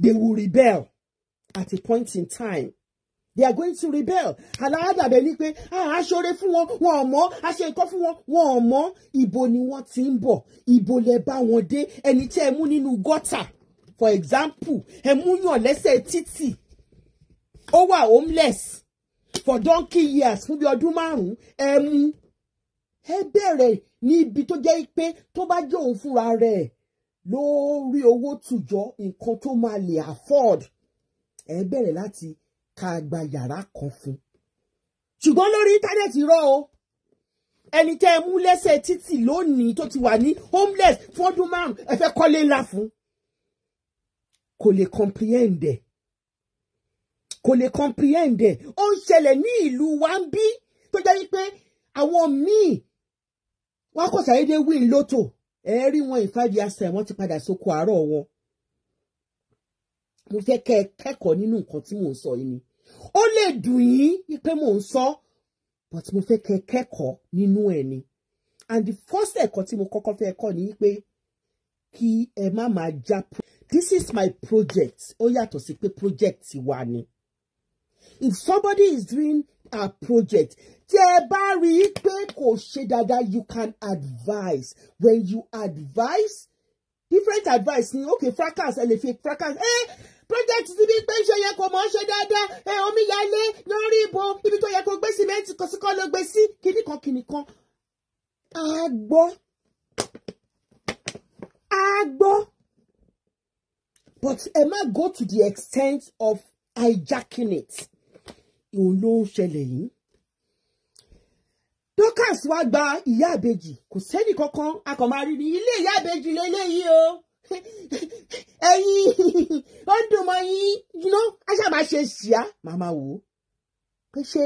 They will rebel at a point in time. They are going to rebel. Aláàdàbẹ̀ ni pé aṣọ́re fún wọn wọn ò mọ́ aṣọ ikọ́ fún wọn wọn ò mọ́ ibo ni wọ́n ti ń bọ̀ ibo lẹ bá wọn dé ẹni tẹ́ ẹ mú nínú gọ́tà for example ẹ mú yàn lẹ́sẹ̀ títì ó wà homeless for donkey years fún bí ọdún márùn-ún ẹ mú ẹ bẹ̀rẹ̀ ní ibi tó jẹ́ pé tó bá jẹ́ òun fúnra rẹ̀ ló rí owó tùjọ nǹkan tó máa lè afford ẹ bẹ̀rẹ̀ láti ka gba yàrá kan fún ṣùgbọ́n lórí íńtánẹ́ẹ̀tì rọ o ẹni tẹ́ ẹ mú lẹ́sẹ̀ títì lónìí tó ti wà ní homeless fún ọdún márùn-ún ẹ fẹ́ kọ́lé ńlá fún un Qu'on les comprenne, qu'on les comprenne. On ẹ̀ ó ń ṣẹlẹ̀ ní ìlú wa ń bí tó jẹ́ wípé àwọn win loto, ẹ rí wọn in five years time wọ́n ti padà sóko àárọ̀ wọn mo fẹ́ kẹ́ ẹ kẹ́kọ̀ọ́ nínú nǹkan tí mò ń sọ yìí ni ó lè dùn yín pé mò ń sọ but mo fẹ́ kẹ́ ẹ kẹ́kọ̀ọ́ nínú ẹ̀ ni and the first ẹ̀kọ́ tí mo kọ́kọ́ fẹ́ kọ́ ni pé kí ẹ má this is my project ó yàtọ̀ sí pé project wa ni if somebody is doing a project tí ẹ bá rí i pé kò ṣe dáadáa you can advise when you advise different advice ni okay fracas ẹ lè fi fracas ẹ eh, project ti bí pé ṣe yẹ kò mọ̀ ṣe dáadáa ẹ eh, omi yálé lórí ibo ibi tó yẹ kó gbé símẹ́ǹtì kò sí kọ́ ló gbé sí kìnnìkan kìnnìkan a gbọ́ a gbọ́ but ẹ má go to the extent of hijacking it òun ló ń ṣẹlẹ̀ yìí Dorkas wá gba ìyá àbejì kò sẹ́ni kankan a kàn máa rí ní ilé ìyá àbejì lélẹ́yìí o ẹ̀yin ó dùn mọ́ yín yíná a ṣáà máa ṣe ṣíà màmá wò ó pé ṣé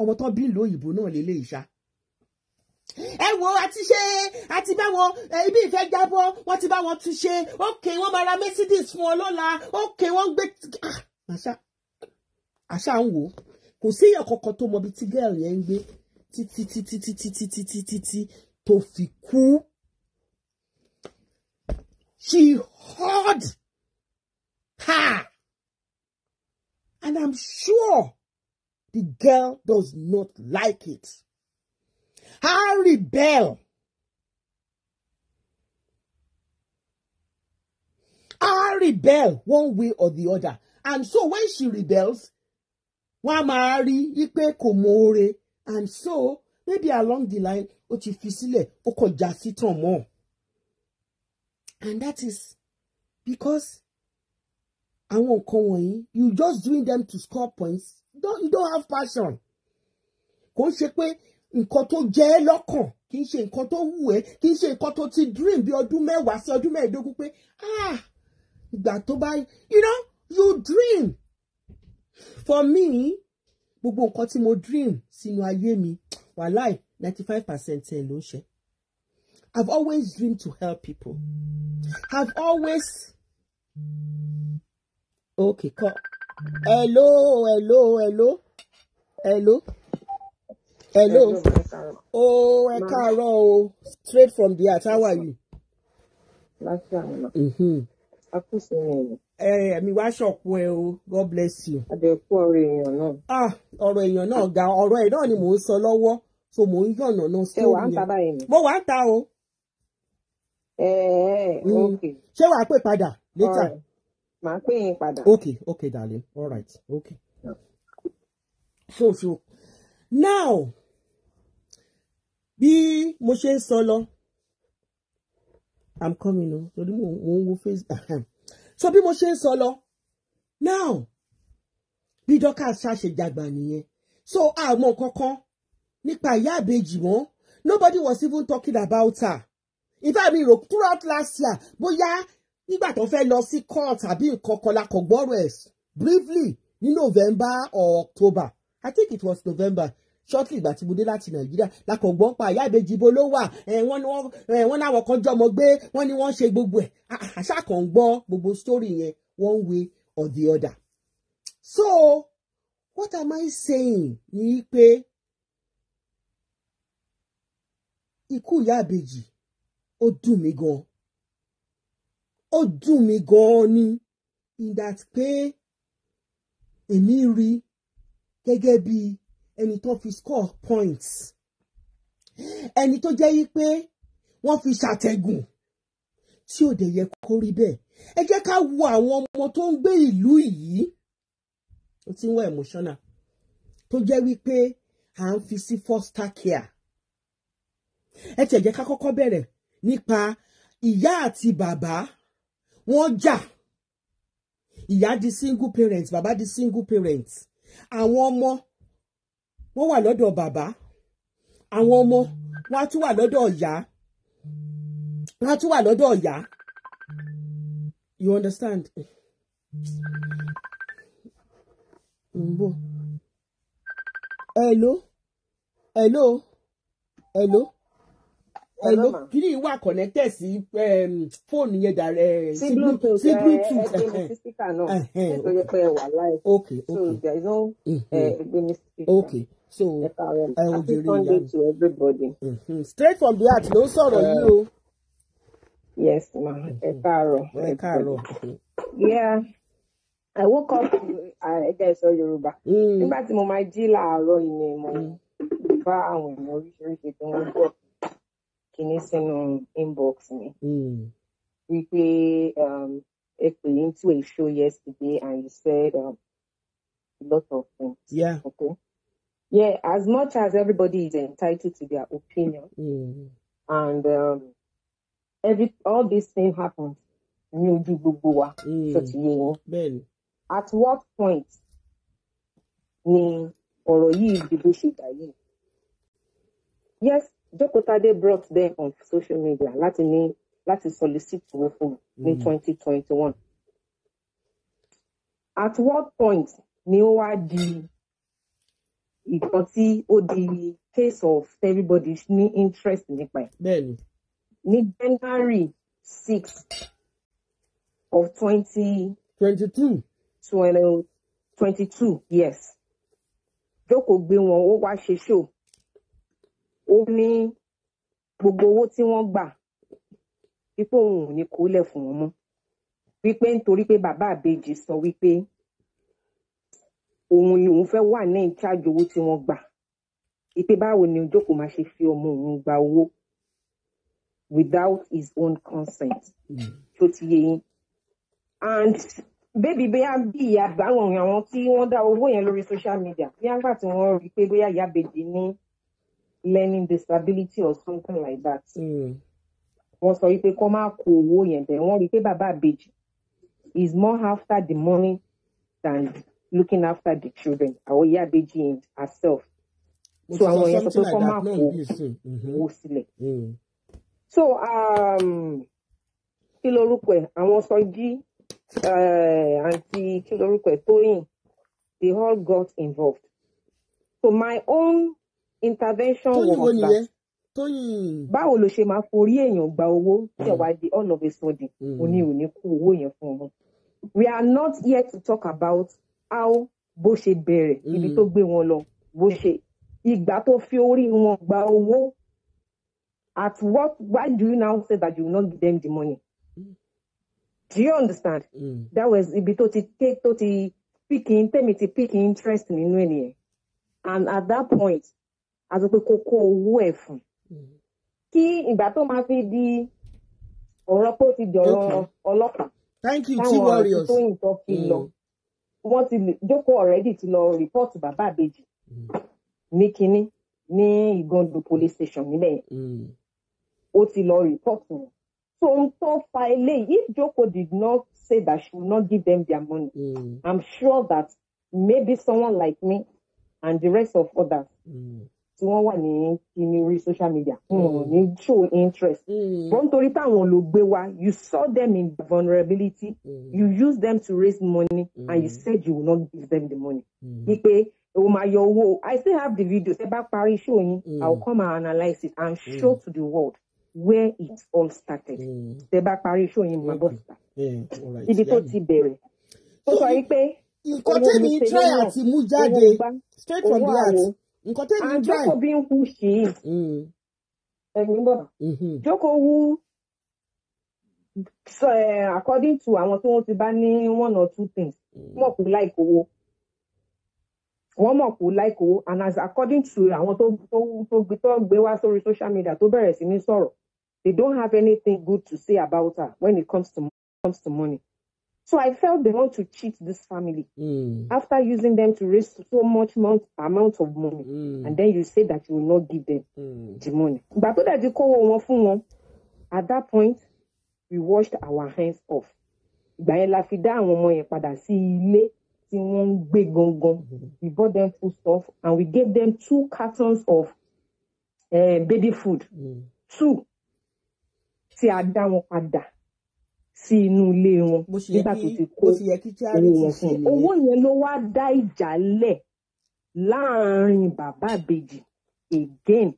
ọmọ tán bí ìlú òyìnbó náà lélẹ́yìí ṣáà ẹ wo àti ṣe àti bá wọn ibi ìfẹ́ jábọ́ wọ́n ti bá wọn tún ṣe ókè wọ́n máa ra mercedes fún ọ lọ́la ókè wọ́n gbé ah, àṣà ń wò kò sí èèyàn kankan tó mọbi tí gẹ́ẹ̀lì yẹn ń gbé títí títí títí títí títí tí tó fi kú. she heard her and i'm sure the girl does not like it. I rebel. I rebel one way or the other. And so when she rebels, wọ́n á máa rí And so maybe along the line, ó ti fi sílẹ̀, And that is because àwọn nǹkan wọ̀nyí you just doing them to score points. Don't, you don't have passion. Kò nǹkan tó jẹ ẹ́ lọ́kàn kì í ṣe nǹkan tó wù ẹ́ kì í ṣe nǹkan tó ti dream bí ọdún mẹ́wàá sí ọdún mẹ́ẹ̀ẹ́dógún pé ah ìgbà tó bá you know you dream for me gbogbo nǹkan tí mo dream sínú ayé mi wàláì ninety five percent ẹ̀ ló ń ṣe I've always dreamed to help people I've always okay call. hello hello hello hello hello Oh, ẹ káàárọ̀ o straight from the heart how are you. láti àná. Mm-hmm. a kù sí ẹ̀yìn. ẹ̀mí wá ṣọ̀pù ẹ o god bless you. àdẹ̀kú ọ̀rọ̀ èèyàn náà. ah ọ̀rọ̀ èèyàn náà ga ọ̀rọ̀ ẹ̀ náà ni mò sọ lọ́wọ́ so mò ń yànnà náà sí òun yẹn. ẹ wà ń ta báyìí ni. mo wà ń ta o. ẹ ẹ mm. ok. ṣé wàá pè padà later. màá pè yín padà. ok ok darling all right Okay. so so now bí mo ṣe ń sọ lọ i'm coming o torí mo ń wo facebook so bí mo ṣe ń sọ lọ now bí Dorkas ṣàṣejàgbà nìyẹn so àmọ́ kankan nípa ìyá àbejì mọ́ nobody was even talking about her in fact mi rò throughout last year bóyá nígbà tó fẹ́ lọ sí court àbí nǹkan kan la kò gbọ́rọ̀ ẹ̀ briefly ní November or October I think it was November shortly ìgbà tí mo dé láti nàìjíríà lákọ̀ọ́gbọ́n pa ìyá ìbejì ibo ló wà wọ́n láwọn kan jọmọ gbé wọ́n ní wọ́n ṣe gbogbo ẹ̀ àṣàkàngbọ́ gbogbo story yẹn one way or the other. so what am I saying ni pé ikú ìyá ìbejì ó dùn mí gan ó dùn mí gan ni in that pé èmi rí gẹ́gẹ́ bíi ẹni tó fi score points ẹni tó jẹ́ yí pé wọ́n fi ṣàtẹ̀gùn tí ò dẹ̀ yẹ kó rí bẹ́ẹ̀ ẹ jẹ́ ká wo àwọn ọmọ tó ń gbé ìlú yìí ó ti ń wọ emotional tó jẹ́ wípé à ń fi sí foster care ẹ tiẹ̀ jẹ́ ká kọ́kọ́ bẹ̀rẹ̀ nípa ìyá àti bàbá wọ́n jà ìyá di single parent bàbá di single parent àwọn ọmọ wọ́n wà lọ́dọ̀ bàbá àwọn ọmọ wọ́n á tún wà lọ́dọ̀ ìyá wọ́n á tún wà lọ́dọ̀ ìyá you understand. Mbo. Hello. Hello. Hello. Hello. Kìlì wà connected sí um, phone yẹn dàrẹ́ sí Bluetooth. Sí Bluetooth. Ẹgbẹ́ mi síkà náà. Nítorí pé ẹ wà láì. Okay. Okay. So there is no mm-hmm. eh, ẹgbẹ́ mi síkà. Okay so ẹ ò jèrè ìyá mm-hmm. straight from the heart ló sọ̀rọ̀ yìí o. yes ma mm-hmm. ẹ káàárọ̀. ẹ káàárọ̀. yeah i woke up ẹgbẹ́ ìsọ yorùbá mm. nígbà tí mo máa jí láàárọ̀ ìní mo mm. bá àwọn èèyàn oríṣiríṣi tí wọ́n gbọ́ kìíní sínú inbox mi mm. wípé um, ẹ pè into a show yesterday and you said um, a lot of things. Yeah. Okay? yeah, as much as everybody is entitled to their opinion, mm. and um, every all this thing happens. at what point yes Jokotade brought them on social media láti ní láti solicit owó fún mm-hmm. twenty one at what point nǹkan tí ó di case of everybody ní interest nípa ẹ̀. ní January six of twenty. twenty two. twenty two yes. jókòó gbé wọn ó wá ṣe show ó ní gbogbo owó tí wọ́n gbà wípé òun ò ní kó lẹ̀ fún wọn mọ́ wípé nítorí pé bàbá àbèjì sọ wípé òun ni òun fẹ́ wà ní ìcháàjì owó tí wọ́n gbà ìpè báwo ni ojókòó máa ṣe fi ọmọ òun gba owó without his own consent tó hmm. ti yé yín and bébí bóyá bí ìyá àbáwọn àwọn tí wọ́n dá owó yẹn lórí social media bóyá nígbà tí wọ́n rí i pé bóyá ìyá bèjì ní learning disability or something like that hmm. wọ́n sọ wípé kó má kó owó yẹn bẹ́ẹ̀ wọ́n rí i pé bàbá àbèjì is more after the money than looking after the children àwọn ìyá ìbejì yẹn herself so àwọn èèyàn sọ pé kọ́ máa kó mhm. owó sílẹ̀ mm. so um, kí lorúkọ ẹ̀ àwọn sọjí eh, àǹtí kí lorúkọ ẹ̀ tóyìn they all got involved so my own intervention was that báwo ló ṣe máa forí èèyàn gba owó tẹ̀wádìí mm. all of a sudden mm. òní òní kó owó yẹn fún ọmọ we are not here to talk about how bó ṣe bẹ̀rẹ̀ ibi mm. tó gbé wọn lọ bó ṣe ìgbà tó fi orí wọn gba owó at what why do you now say that you will not give them the money mm. do you understand mm. that was ibi tó ti take tó ti picking tèmi ti picking interest nínú ẹ̀ nìyẹn and at that point a sọ pé kó kó owó ẹ̀ fún mm. kí ìgbà tó máa fi di ọ̀rọ̀ pé ó ti dọ̀rọ̀ ọ̀rọ̀ tó ń tọ́ fi lọ wọ́n ti jókòó already ti lọ rìpọ́ọ̀tù bàbá àbèjì mm. ní kínní ní ìgàndò police station níbẹ̀ yẹn mm. ó ti lọ rìpọ́ọ̀tù wọn so n tó fa eléyìí if Joko did not say that she would not give them their money mm. I'm sure that maybe someone like me and the rest of others mm tí wọ́n wà ní kíní orí social media hmm. wọn ò ní show interest wọ́n hmm. torí táwọn ló wa you saw them in vulnerability mm. you use them to raise money mm. and hmm. you said you will not give them the money. wípé o máa yọ owó I still have the video ṣe bá parí show yín I will come and analyse it and show to the world where it all started ṣe bá parí show yín máa bọ̀ síta ibi tó ti bẹ̀rẹ̀ ó sọ yìí pé nǹkan tẹ̀mí try àti mú jáde straight from the nǹkan tẹ́ mi ah, báyìí. àjọkò bí mm. ń hu sí i ẹ̀yìn bọ̀ mm-hmm. joko wu so, uh, according to àwọn tí wọ́n ti bá ní one or two things mm. mọ̀ kó láìkó owó wọ́n mọ̀ kó láìkó owó and as according to àwọn tó tó tó gbé wá sórí social media tó bẹ̀rẹ̀ sí ní sọ̀rọ̀ they don't have anything good to say about her when it comes to, comes to money. So I felt they want to cheat this family mm. after using them to raise so much amount, amount of money. Mm. And then you say that you will not give them mm. the money. But that you call one at that point, we washed our hands off. We bought them food stuff and we gave them two cartons of uh, baby food. Mm. Two tí a dá sí inú ilé wọn nígbà tó ti kó owó wọn fún un owó yẹn ló wá dá ìjà lẹ̀ láàrin bàbá àbèjì again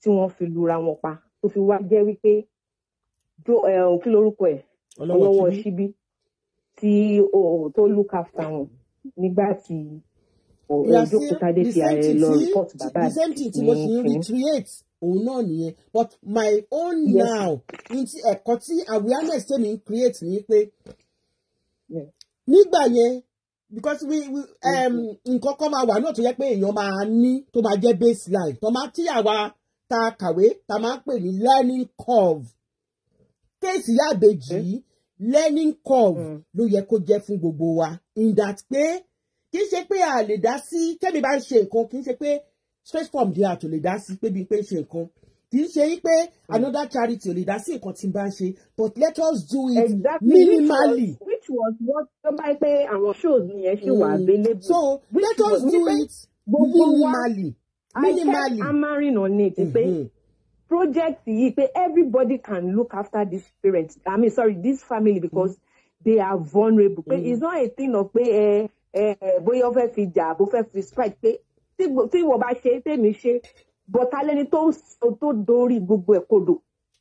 tí wọ́n fi lura wọn pa tó fi wá jẹ́ wípé eh, kí lorúkọ ẹ̀ ọlọ́wọ́ síbí tí tó look after wọn nígbà tí ọjọ́ kúta dé fi ààrẹ lọ report bàbá àti ní kìnnìkìnnì òun náà nìyẹn but my own yes. now nti ẹ̀kọ́ tí awareness tèmi ń create ni pé nígbà yẹn because we, we um, nǹkan kan máa wà náà tó yẹ pé èèyàn máa ní tó máa jẹ́ baseline tó máa tí àwa ta kàwé ta máa ń pè ní learning curve kéèsì yàbèjì yìí learning curve mm. ló yẹ kó jẹ́ fún gbogbo wa in that pé kì í ṣe pé a lè dá sí kẹ́mi bá ń ṣe nǹkan kì í ṣe pé space form di àtò lè dá sí pé bíi pé ṣe nǹkan kì í another charity ò lè dá sí nǹkan n bá ń but let us do it exactly. minimally. which was what tó bá pé àwọn shows yẹn ṣì wà mm. available. so let us do it minimally. minimally. i kept hammering on it pé mm-hmm. project yìí pé everybody can look after this parent i mean sorry this family because mm -hmm. they are vulnerable. pé mm -hmm. it's not a thing of pé ẹ eh, ẹ eh, bóyá ó fẹ́ fi jà bó fẹ́ fi strike pé tí ìwọ bá ṣe tèmi ṣe bọ̀tá lẹ́ni tó ń sọ tó dorí gbogbo ẹ̀ kodò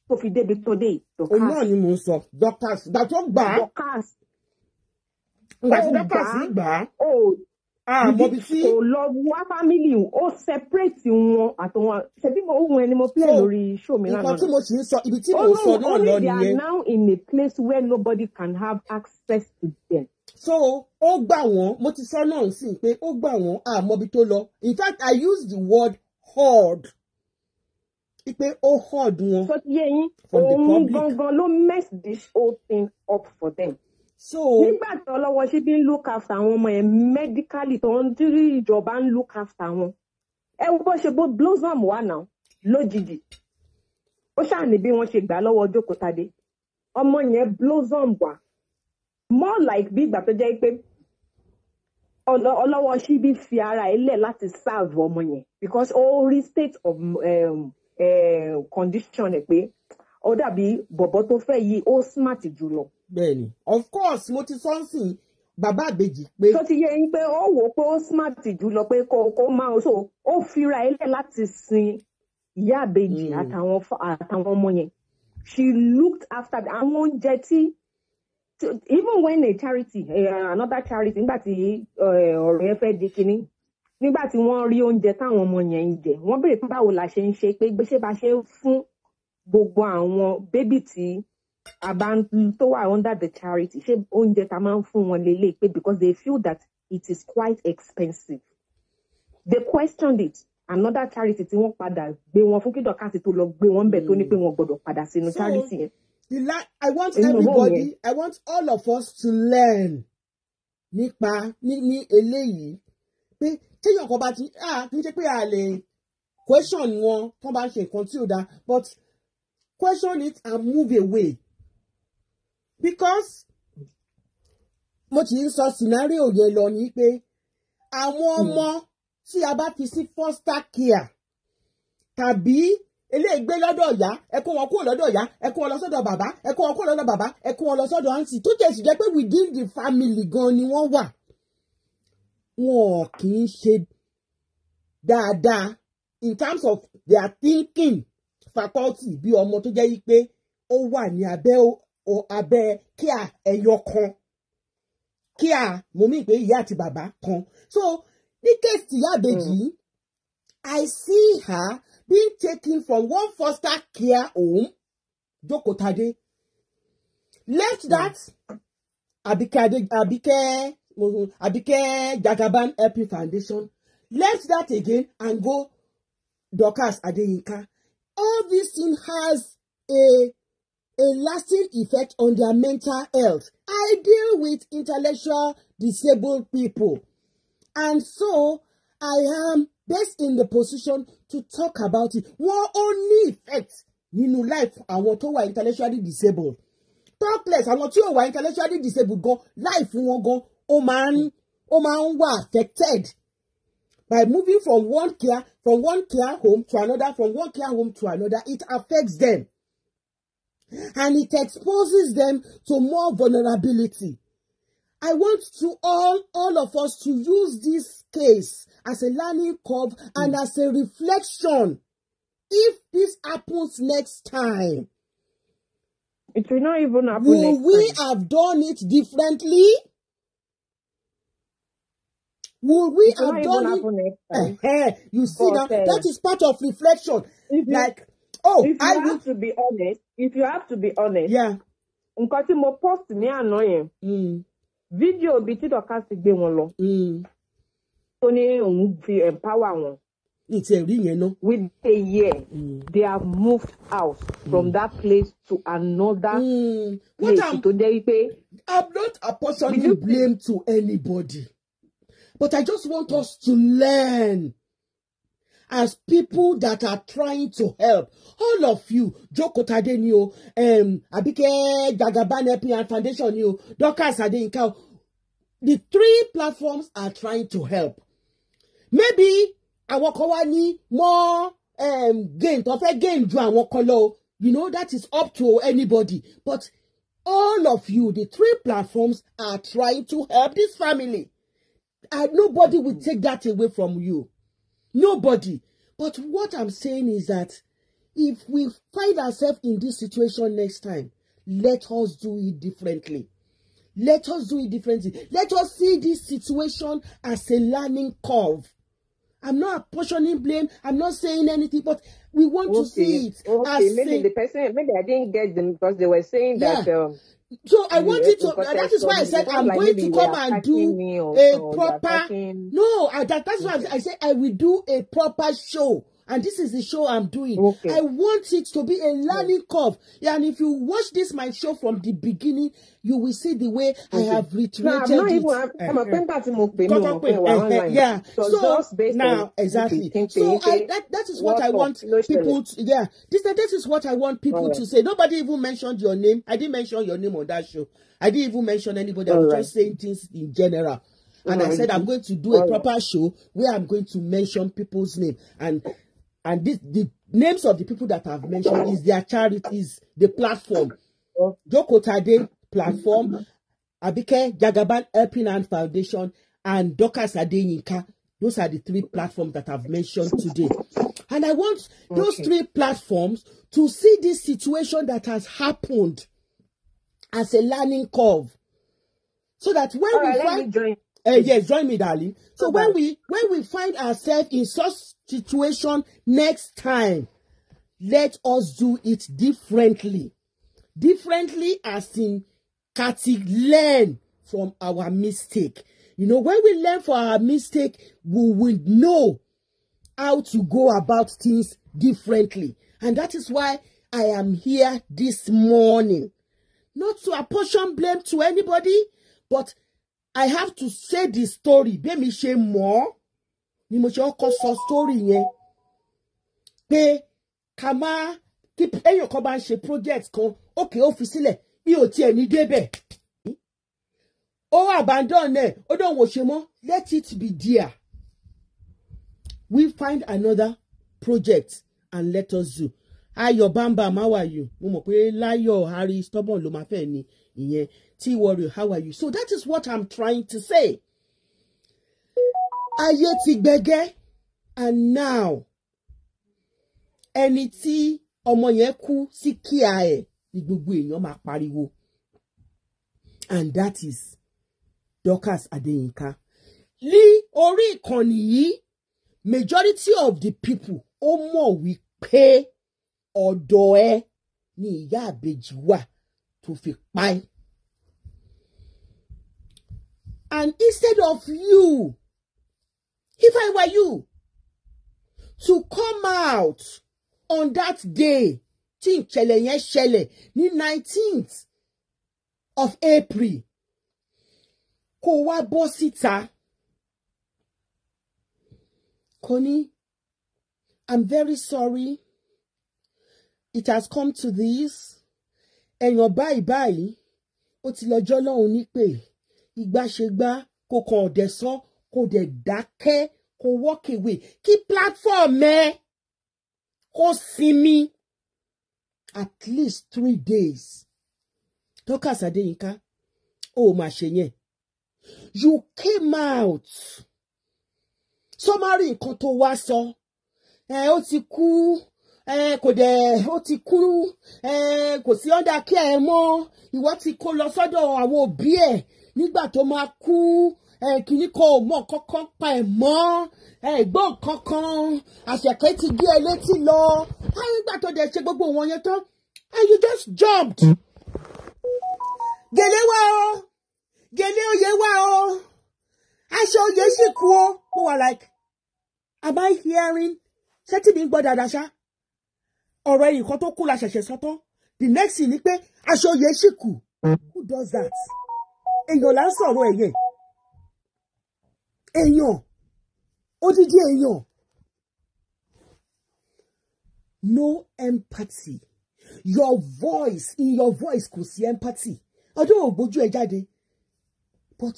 tó fi débi tó dé ìtọ́ka. òun náà ni mò ń sọ Dorcas gbà tó gbà á. Dorcas. gbà gbà á àmọ́bi ah, tí. kò lọ wá fámìlì ó separate wọn àtọwọn ṣebí mo ohun ẹni mo play lórí show mi lánàá. nǹkan tí mo sì ń sọ ibi tí mo sọ náà lọ nìyẹn. only they are now in a place where nobody can have access to them. so ó gbà wọ́n mo ti sọ náà sí pé ó gbà wọ́n àmọ́bi tó lọ in fact i use the word hoard pé ó hoard wọn. sọ ti yé yín òun gangan ló mess this whole thing up for them so. nígbà tí ọlọ́wọ́ ṣe bí ń look after àwọn ọmọ yẹn medically tó ń dírí ìjọba ń look after wọn ẹ wo bó ṣe bó blossom wà náà lójijì ó ṣàní bí wọ́n ṣe gbà lọ́wọ́ jókòtadé ọmọ yẹn blossom wà more like bí ìgbà tó jẹ́ pé ọlọ́wọ́ ṣí bí fi ara ẹ̀ lẹ̀ láti serve ọmọ yẹn because ó rí state of um, uh, condition ẹ̀ pé ó dàbí bọ̀bọ̀ tó fẹ́ yìí ó smart jùlọ bẹ́ẹ̀ni of course mo ti sọ́nsìn bàbá àbèjì pé. tó ti yẹ yín pé ó wò ó pé ó smart jù lọ pé kó kó máa so ó fira ilé láti sin ìyá àbèjì hmm. àtàwọn àtàwọn ọmọ yẹn she looked after àwọn oúnjẹ tí even when a charity uh, another charity nígbà tí eh, ọ̀rọ̀ yẹn fẹ́ di kínní nígbà tí wọ́n rí oúnjẹ táwọn ọmọ yẹn ń jẹ wọ́n béèrè pé báwo la ṣe ń ṣe pé gbéṣẹ́ bá ṣe ń fún gbogbo àwọn bébì tí àbá mm, tó wà under the charity ṣé oúnjẹ tá a máa ń fún wọn lélẹ̀ pé because they feel that it is quite expensive they questioned it another charity tí wọ́n padà gbé wọn fún kí dọ̀kásì tó lọ gbé wọn bẹ̀ tó ní pé wọ́n gbọ́dọ̀ padà sínú charity yẹn. the la i want everybody i want all of us to learn nípa ní ní eléyìí pé téèyàn kan bá ti ah kì í ṣe pé a lè question wọn tó bá ṣe nǹkan tí ò dáa but question it and move away because mo ti ń sọ scenario yẹn lọ ni pé àwọn hmm. ọmọ tí a bá fi sí foster care tàbí eléyìí gbé lọ́dọ̀ ìyá ẹ kó wọn kúrò lọ́dọ̀ ìyá ẹ kó wọn lọ sọ́dọ̀ bàbá ẹ kó wọn kúrò lọ́dọ̀ bàbá ẹ kó wọn lọ sọ́dọ̀ àǹtí tó jẹ́ sì jẹ́ pé within the family gan ni wọ́n wà wọn kì í ṣe dáadáa in terms of their thinking faculty bí ọmọ tó jẹ́ pé ó wà ní abẹ́ abẹ́ kíá ẹyọ kan kíá mo mí pé ìyá àti bàbá kan so ní kéèsì ìyá àbèjì hmm. I see her being taken from one foster care home Jokotade left hmm. that Abike Abike Abike Jagaban Helping Foundation left that again and go Dorcas Adeyinka all this thing has a a lasting effect on their mental health. I deal with intellectual disabled people. And so I am best in the position to talk about it. What only ní effect nínú life àwọn tó wà intellectually disabled. Talkless àwọn tí ò wà intellectually disabled gan life wọn gan ó máa ń ó máa ń wà affected by moving from one care from one care home to another from one care home to another it affects them. and it exposes them to more vulnerability. I want to all, all of us to use this case as a learning curve and hmm. as a reflection. If this happens next time, it will not even happen. Will we time. have done it differently? Will we it have done it? Eh, eh, you see that that is part of reflection. If like oh if you I have to be honest if you have to be honest yeah. nǹkan mo post ní àná mm. Video fídíò bíi tí dọ̀ka ti gbé wọn lọ tó mm. ní òun fi empower wọn. ìtì ẹ̀rí yẹn ná. with a year mm. they have moved out mm. from that place to another mm. place tó jẹ́ wípé. I'm not apportioning blame to anybody but I just want us to learn as people that are trying to help. All of you, Joe Kotade ni o, um, Abike Jagaban Foundation ni o, Dorcas Adeyinka. The three platforms are trying to help. Maybe àwọn kan wá ní more um, gain tó fẹ́ gain ju àwọn kan lọ. You know that is up to anybody. But all of you, the three platforms are trying to help this family. And nobody will take that away from you. Nobody. But what I'm saying is that if we find ourselves in this situation next time, let us do it differently. Let us do it differently. Let us see this situation as a learning curve. I'm not apportioning blame. I'm not saying anything, but we want okay. to see it. Okay, as maybe the person, maybe I didn't get them because they were saying yeah. that um, So I wanted to. That is why I said I'm like going to come and do oh, a proper. No, I, that, that's why I, I said I will do a proper show and this is the show I'm doing. Okay. I want it to be a learning curve. And if you watch this my show from the beginning, you will see the way okay. I have written. no, I'm not it. Even, i I'm uh, a uh, uh, yeah. So, so now exactly. So I, that that is what I want people. To, yeah, this that, what I want people right. to say. Nobody even mentioned your name. I didn't mention your name on that show. I didn't even mention anybody. I was right. just saying things in general. And I said, I'm going to do a proper show where I'm going to mention people's name. And And this, the names of the people that I've mentioned is their charities, the platform. Joko Tade platform, Abike Jagaban Helping Hand Foundation, and Dokas Adeyinka. Those are the three platforms that I've mentioned today. And I want okay. those three platforms to see this situation that has happened as a learning curve. So that when All we right, find Uh, yes, join me, darling. So okay. when we when we find ourselves in such situation next time, let us do it differently. Differently as in Kati learn from our mistake. You know, when we learn from our mistake, we will know how to go about things differently. And that is why I am here this morning. Not to apportion blame to anybody, but I have to say the story bí èmi ṣe mọ̀ ọ́ ni mo ṣe ọkọ sọ story yẹn pé ká má tí èèyàn kan bá ń ṣe project kan òkè ó fi sílẹ̀ bí ò tiẹ̀ ní débẹ̀ ó abandon ẹ̀ ó dóun ò ṣe mọ́ let it be there we find another project and let us do ayọ̀ bámbà máa wà yù mo mọ̀ pé láyọ̀ harry stubborn ló máa fẹ́ ni ìyẹn T Warrior, how are you? So that is what I'm trying to say. Ayé ti gbẹgẹ́ and now ẹni tí ọmọ yẹn kú sí kíá ẹ̀ pariwo and that is Dorcas Adeyinka. Ní orí ìkànnì yìí majority of the people ó mọ̀ wípé ọ̀dọ̀ ẹ ni ya bejiwa to tó fi pa And instead of you, if I were you, to come out on that day tí ìṣẹ̀lẹ̀ yẹn ni ní nineteenth of April kó wá bọ́ síta kò I'm very sorry it has come to this ẹ̀yàn báyìí báyìí ó ti lọ́jọ́ lọ́hùn-ún nípè ìgbà ṣe gbá kò kàn ọ̀dẹ̀ sán kò dẹ̀ dákẹ́ kò walk away kí platform ẹ kó sinmi at least three days Dorkas Adéyínká ó mà ṣe yẹn you came out sọmárì nǹkan tó wá sọ ẹ ó ti kú ẹ kò dẹ̀ ó ti kú ẹ kò sí under care ẹ mọ́ ìwọ ti kó lọ sọ́dọ̀ àwọn òbí ẹ̀ nígbà tó máa kú kìíní kan ò mọ kankan pa ẹ̀ mọ́ ẹ̀gbọ́n kankan àṣẹ̀kẹ́ ti gé ẹ létí lọ àwọn ìgbà tó dẹ̀ ṣe gbogbo wọn yẹn tán and you just jumped. gèlè wá o gèlè oyè wá o aṣọ oyè sì kú o mo wà like am I hearing ṣé tí mi ń gbọ́ dáadáa ṣá ọ̀rọ̀ ẹ̀yìn kan tó kú la ṣẹ̀ṣẹ̀ sọ tán the next thing ni pé aṣọ oyè sì kú who does that èèyàn là ń sọ̀rọ̀ ẹ̀yẹ èèyàn odidi èèyàn no empathy your voice in your voice kò sí empathy ọdún ògbójú ẹ jáde but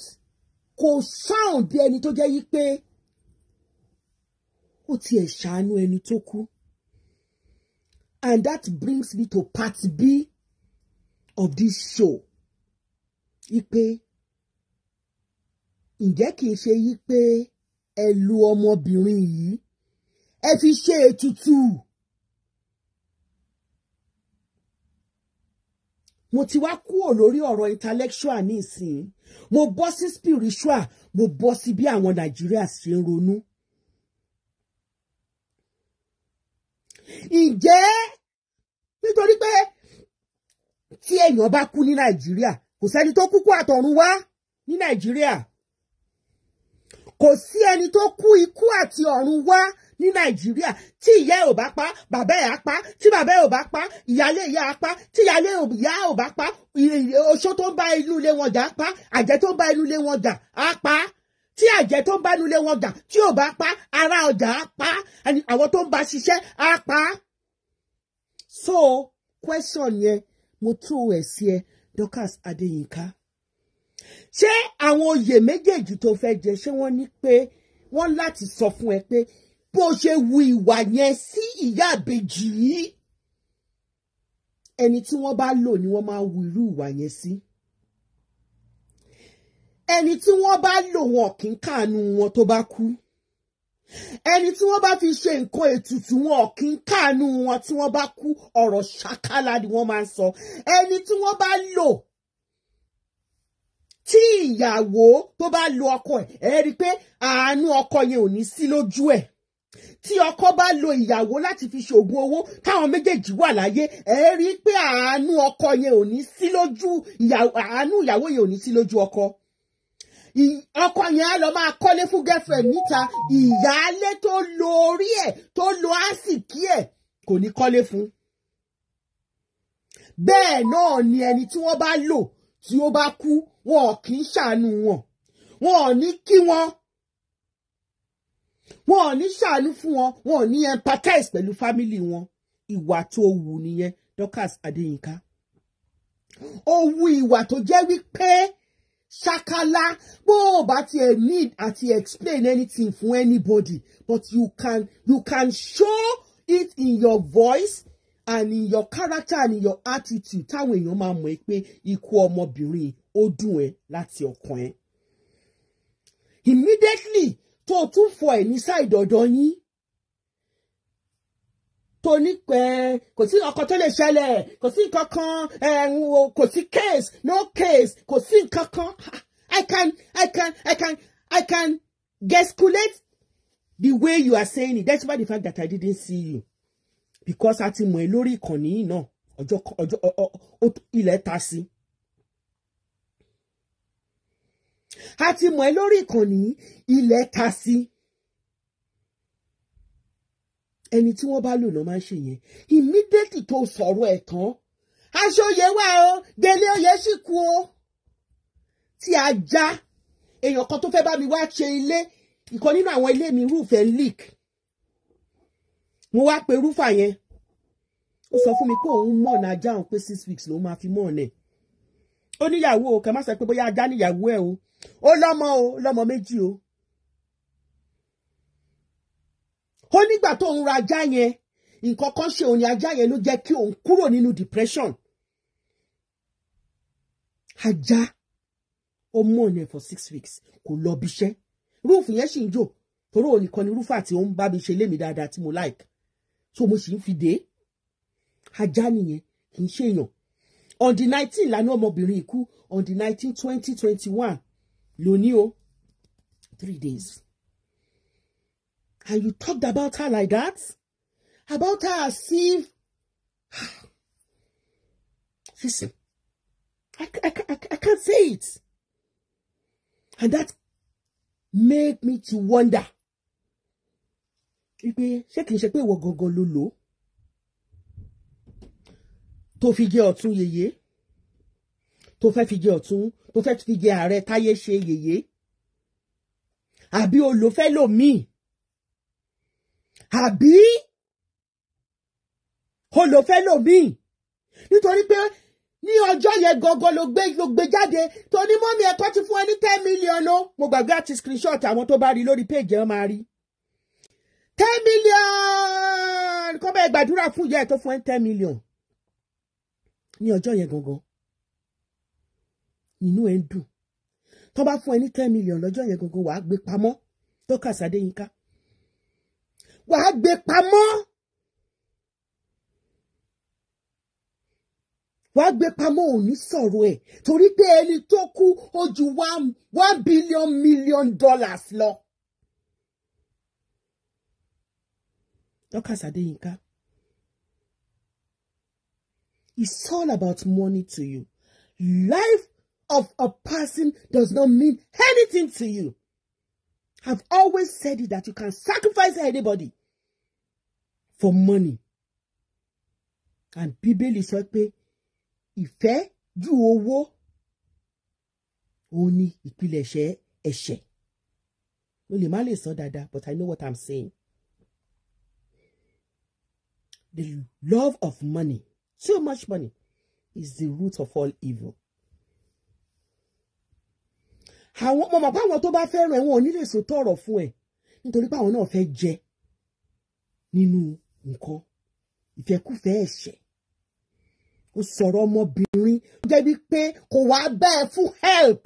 kò sound bí ẹni tó jẹ́ yí pé ó tiẹ̀ ṣàánú ẹni tó kú and that brings me to part B of this show ipe ǹjẹ́ kìí ṣe yí pé ẹ lu ọmọbìnrin yìí ẹ fi ṣe ètùtù. mo ti wá kúrò lórí ọ̀rọ̀ intellectual nísìnyí mo bọ́ sí spiritual mo bọ́ sí bí àwọn nàìjíríà ṣe ń ronú. ǹjẹ́ nítorí pé tí èèyàn bá kú ní nàìjíríà kò sẹ́ni tó kúkú àtọ̀run wá ní nàìjíríà kò sí ẹni tó kú ikú àti ọ̀run wá ní nàìjíríà tí ìyá ò bá pa bàbá ẹ̀ á pa tí bàbá ẹ̀ ò bá pa ìyálé ìyá á pa tí ìyálé ìyá ò bá pa oṣó tó ń bá inú ilé wọn jà á pa àjẹ́ tó ń bá inú ilé wọn jà á pa tí àjẹ́ tó ń bá inú ilé wọn jà tí ò bá pa ará ọjà á pa àwọn tó ń bá ṣiṣẹ́ á pa. so question yẹn mo tú ẹ̀ sí ẹ Dorcas Adéyínká ṣé àwọn oyè méjèèjì tó fẹ́ jẹ ṣé wọ́n ní pé wọ́n láti sọ fún ẹ pé bó ṣe wu ìwà yẹn sí ìyá àbèjì yìí ẹni tí wọ́n bá lò ni wọ́n máa wu irú ìwà yẹn sí ẹni tí wọ́n bá lò wọn kì í káàánú wọn tó bá kú ẹni tí wọ́n bá fi ṣe nǹkan ètùtù wọn ọ̀kín káàánú wọn tí wọ́n bá kú ọ̀rọ̀ ṣàkálà ni wọ́n máa ń sọ ẹni tí wọ́n bá lò tí ìyàwó tó bá lo ọkọ ẹ̀ ẹ rí i pé àánú ọkọ yẹn ò ní sí lójú ẹ̀ tí ọkọ bá lo ìyàwó láti fi ṣoògùn owó táwọn méjèèjì wà láyé ẹ rí i pé àánú ọkọ yẹn ò ní sí lójú àánú ìyàwó yẹn ò ní sí lójú ọkọ ọkọ yẹn lọ máa kọ́lé fún girlfriend níta ìyáálé tó lo orí ẹ̀ tó lo àsìkí ẹ̀ kò ní kọ́lé fún. bẹ́ẹ̀ náà ni ẹni tí wọ́n bá lò tí ó bá kú wọn ò kì í ṣàánú wọn wọn ò ní kí wọn wọn ò ní ṣàánú fún wọn wọn ò ní empathize pẹ̀lú family wọn ìwà tó wù nìyẹn Dorcas Adéyínká ó wu ìwà tó jẹ́ wípé ṣákálá bó o bá tiẹ̀ need àti explain anything fún anybody but you can you can show it in your voice and in your character and in your attitude táwọn èèyàn máa mọ̀ ẹ́ pé ikú ọmọbìnrin ó dùn ẹ́ láti ọkàn ẹ́ immediately tó o tún fọ ẹ̀ ní sáì dọ̀dọ̀ yín tó ní pẹ́ kò sí ọkọ̀ tó lè ṣẹlẹ̀ kò sí nǹkan kan kò sí case no case kò sí nǹkan kan I can I can I can I can gesticulate the way you are saying it That's why the fact that I didn't see you because a ti mọ̀ ẹ́ lórí ìkànnì yìí náà ọjọ́ ọjọ́ ilẹ̀ ta sí. a ti mọ̀ ẹ́ lórí ìkànnì ilẹ̀ ta sí ẹni tí wọ́n bá lò náà máa ń ṣe yẹn immediately tó sọ̀rọ̀ ẹ̀ tán aṣọ òye wà o délé òye sì kú o tí a já èèyàn kan tó fẹ́ bá mi wá ṣe ilé ìkan nínú àwọn ilé mi rúfẹ́ leak mo wá pe rúfà yẹn ó sọ fún mi pé òun mọ̀ ní ajá òun pé six weeks ló máa fi mọ̀ ọ̀nà ẹ̀ ó níyàwó o kẹ má sọ pé bóyá ajá níyàwó ẹ̀ o ó lọ́mọ o lọ́mọ méjì o ó nígbà tó ń ra ajá yẹn nǹkan kan ṣe òun ni ajá yẹn ló jẹ́ kí òun kúrò nínú depression ajá ọmọ ọ̀nà for six weeks kò lọ bí iṣẹ́ rúùfù yẹn sì ń jò torí òun nìkan ni rúùfù àti òun bá mi ṣe lémi dáadáa tí mo like so mo sì ń fi dé ajá nìyẹn kì í ṣe èèyàn on the nineteen lanu ọmọbìnrin ikú on the nineteen twenty twenty one lóní o three days. And you talked about her like that? About her as if. Listen, I, I, I, I can't say it. And that made me to wonder. Ipe ṣé kìí ṣe pé ìwọ gangan ló lò ó tó fi jẹ ọ̀tún yèyé tó fẹ́ fi jẹ ọ̀tún tó fẹ́ fi jẹ ààrẹ táyé ṣe yèyé àbí olùfẹ́ lòmíì àbí olùfẹ́ lòmíì nítorí pé ní ọjọ́ yẹn gangan ló gbé ló gbé jáde tó ní mọ́mí ẹ̀kọ́ ti fún ẹ ní ten million o mo gbàgbé àti screenshot àwọn tó bá rí lórí péjì ẹ máa rí ten million kọ́ bẹ́ẹ̀ gbàdúrà fún ìyá ẹ̀ tó fún ẹ ní ten million ní ọjọ́ yẹn gangan inú ẹ̀ ń dùn tó bá fún ẹ ní ten million lọ́jọ́ yẹn gangan wàá gbé pamọ́ tó kà sádéyínká wàá gbé pamọ́ wàá gbé pamọ́ ò ní sọ̀rọ̀ ẹ̀ torí pé ẹni tó kú ó ju one billion million dollars lọ. Dorcas Adeyinka it's all about money to you life of a person does not mean anything to you. I've always said it that you can sacrifice anybody for money and bíbélì sọ pé ìfẹ́ ju owó òun ni ìpilẹ̀ṣẹ̀ ẹ̀ṣẹ̀ mo lè má lè sọ dáadáa but I know what I'm saying the love of money too much money is the root of all evil. àwọn ọmọ màbá àwọn tó bá fẹ́ràn ẹ̀ wọn ò ní lè sòtọ́ ọ̀rọ̀ fún ẹ̀ nítorí pé àwọn náà fẹ́ jẹ nínú nǹkan ìfẹ́kúfẹ̀ẹ́ ẹ̀ṣẹ̀ ó sọ̀rọ̀ ọmọbìnrin tó jẹ́ wípé kò wá bẹ́ẹ̀ fún help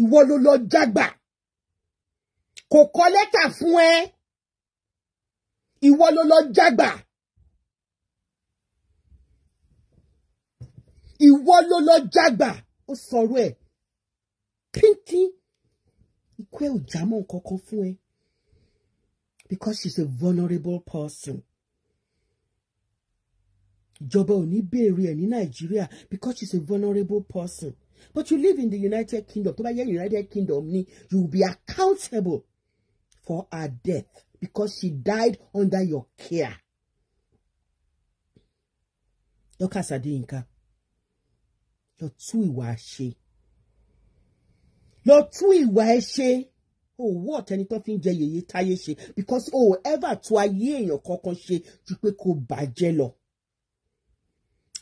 ìwọ ló lọ jágbà kò kọ lẹ́tà fún ẹ ìwọ ló lọ jágbà ìwọ ló lọ jágbà ó sọ̀rọ̀ ẹ̀ pínpín ikú ẹ̀ ò já mọ́ nǹkan kan fún ẹ because she's a vulnerable person joba ò ní béèrè ẹ̀ because she's a vulnerable person but you live in the united kingdom tó bá yẹ united kingdom ni you will be accountable for her death because she died under your care. Dorcas sadinka, lọ tú ìwà ṣe lọ tú ìwà ẹ ṣe owó ọ̀tẹ́ni tó fi ń jẹ yèyé táyé ṣe because o oh, ever to ayé èèyàn kankan ṣe ju pé kò bàjẹ́ lọ.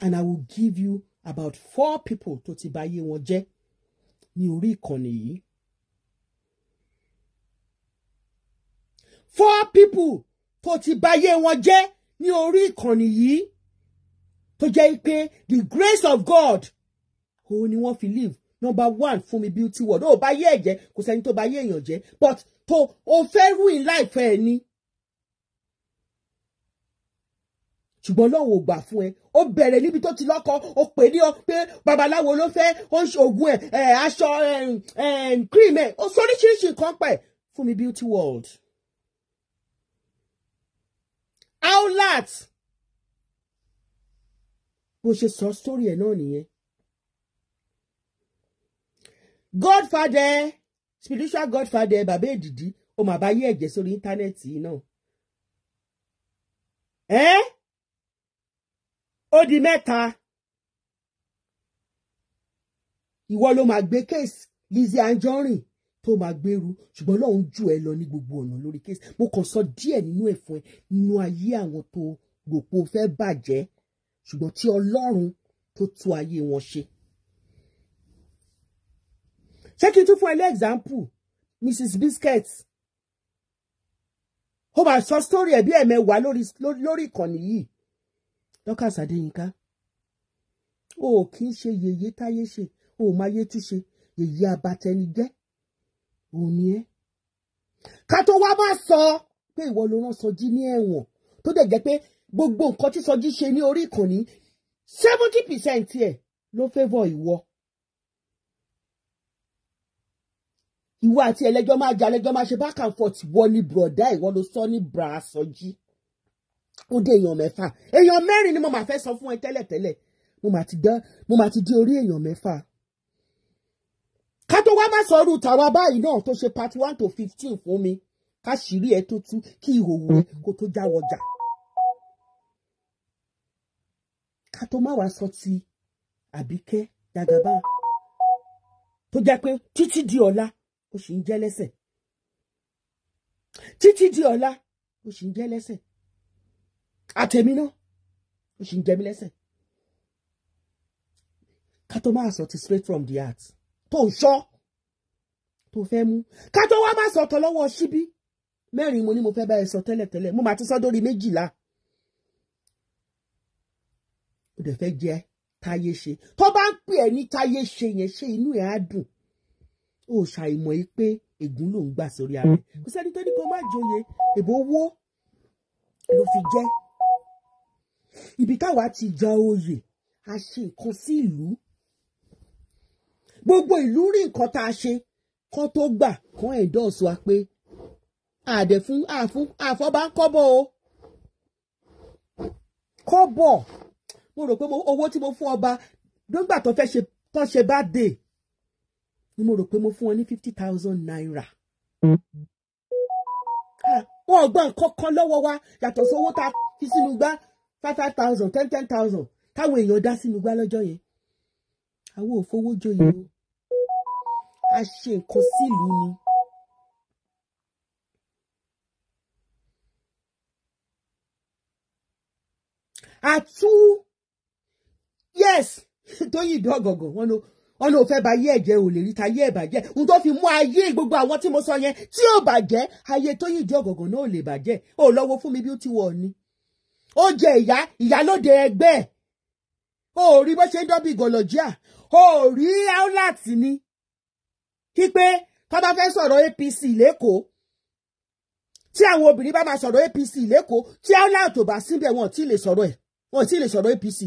and I will give you about four people tó ti báyé wọn jẹ́ ní orí ìkànnì yìí. four people tó ti báyé wọn jẹ́ ní orí ìkànnì yìí tó jẹ́ pé the grace of God òun ni wọ́n fi live number one fún mi beauty world ó bá yé ẹ̀jẹ̀ kò sẹ́ni tó bá yé èèyàn jẹ́ but tó o fẹ́ in life ẹ ni. ṣùgbọ́n lọ́wọ́ ò gbà fún ẹ ó bẹ̀rẹ̀ níbi tó ti lọ́kọ ó pè ní ọ pé babaláwo ló fẹ́ ó ń ṣoògùn ẹ̀ aṣọ cream ẹ̀ ó sóríṣiríṣi nǹkan pẹ̀ fún mi beauty world. outlet bó ṣe sọ sórí ẹ̀ náà nìyẹn godfather spiritual godfather bàbá èdìdí o mà bá yé ẹ̀jẹ̀ sórí íńtánẹ́ẹ̀tì náà ẹ́ ó di mẹ́ta ìwọ ló máa gbé kéèsì Lizzie Anjorin tó máa gbèrú ṣùgbọ́n lọ́hùn jù ẹ lọ ní gbogbo ọ̀nà lórí kéèsì mo kàn sọ díẹ̀ nínú ẹ̀ fún ẹ nínú ayé àwọn tó rò pé o fẹ́ bàjẹ́ ṣùgbọ́n tí Ọlọ́run tó tú ayé wọn ṣe Check kí n tún example mrs biscuit ó máa sọ story ẹ bí ẹ̀mẹ́wàá lórí lórí ìkànnì yìí Dorcas Adéyínká o ò kí ń ṣe yèyé táyé ṣe o ò ye yé túṣe yèyé abatẹni jẹ́ òun ni ẹ́ ká tó wá máa sọ pé ìwọ ló rán sọjí ní ẹ̀wọ̀n tó dẹ̀ jẹ́ pé gbogbo nǹkan tí sọjí ṣe ní orí ìkànnì seventy percent ẹ̀ ló fẹ́vọ̀ ìwọ. ìwọ àti ẹlẹ́jọ́ máa jà ẹlẹ́jọ́ máa ṣe back and forth ìwọ ni bùrọ̀dá ìwọ ló sọ ní Brasanji ó dé èèyàn mẹ́fà èèyàn mẹ́rin ni mo máa fẹ́ sọ fún ẹ tẹ́lẹ̀tẹ́lẹ̀ mo máa ti dá mo máa ti dé orí èèyàn mẹ́fà ká tó wá má sọ ọrú tàwa báyìí náà tó ṣe part one to fifteen fún mi ká ṣírí ẹ tó tú kí ìhòòhò ẹ kó tó jáwọ́ jà ká tó má wá sọ ti Àbíkẹ́ Dagaba tó jẹ́ pé títí di ọ̀la ó sì ń jẹ́ lẹ́sẹ̀ títí di ọ̀la ó sì ń jẹ́ lẹ́sẹ̀ àtẹ̀mí náà ó sì ń jẹ mí lẹ́sẹ̀ ká tó máa sọ ti straight from the heart tó ń sọ tó fẹ́ mú ká tó wá máa sọ tọ́ lọ́wọ́ síbí mẹ́rin mo ní mo fẹ́ bá ẹ sọ tẹ́lẹ̀tẹ́lẹ̀ mo máa ti sọ dórí méjìlá ó dẹ̀ fẹ́ jẹ́ táyé ṣe tó bá ń pè ẹ́ ní táyé ṣe yẹn ṣé inú ẹ̀ á dùn o ṣàìmọ̀ yìí pé ègún ló ń gbà sórí abẹ hmm. kò sẹ́ni tó ní kó má joyè èbó wó ló fi jẹ́ ibi táwa ti jẹ oyè a ṣe nǹkan sí ìlú gbogbo ìlú rí nǹkan tá a ṣe kán tó gbà kán ẹ̀ńdọ́ọ̀sù wa pé àdẹ̀ àfún àfọ́bá kọ́bọ̀ o kọ́bọ̀ mo rò pé owó tí mo fún ọba nígbà tó fẹ́ ṣe tán ṣe bá dé ni mo rò pé mo fún wọn ní fifty thousand naira. Hmm. wọn ò gbọ́ nǹkan kan lọ́wọ́ wa yàtọ̀ sí owó tá a fi sínú gbá five five thousand ten ten thousand táwọn èèyàn dá sínú gbá lọ́jọ́ yẹn. àwọn ò fowó joyè hmm. o a ṣe nǹkan sílùú ni. a tún yes tóyìn dán gọ̀gàn wọn ló ọ̀nà òfẹ́ bá yé ẹ̀jẹ̀ ò lè rí ta yé ẹ̀bàjẹ́ ohun tó fi mú ayé gbogbo àwọn tí mo sọ yẹn tí ò bàjẹ́ ayé tó yíjọ gọ̀gàn náà ò lè bàjẹ́ ò lọ́wọ́ fún mi bí ó ti wọ̀ ni. ó jẹ ìyá ìyálóde ẹgbẹ́ ẹ̀ ó rí bó ṣe ń dọ́bí gọlọ́jíà ó rí áúláàtì ni kí pé ká bá fẹ́ sọ̀rọ̀ APC lẹ́kọ̀ọ́ tí àwọn obìnrin bá máa sọ̀rọ̀ APC lẹ́kọ̀ọ́ tí áúláàtì ò bá síbẹ̀ wọn ò ò tí ì lè sọ̀rọ̀ APC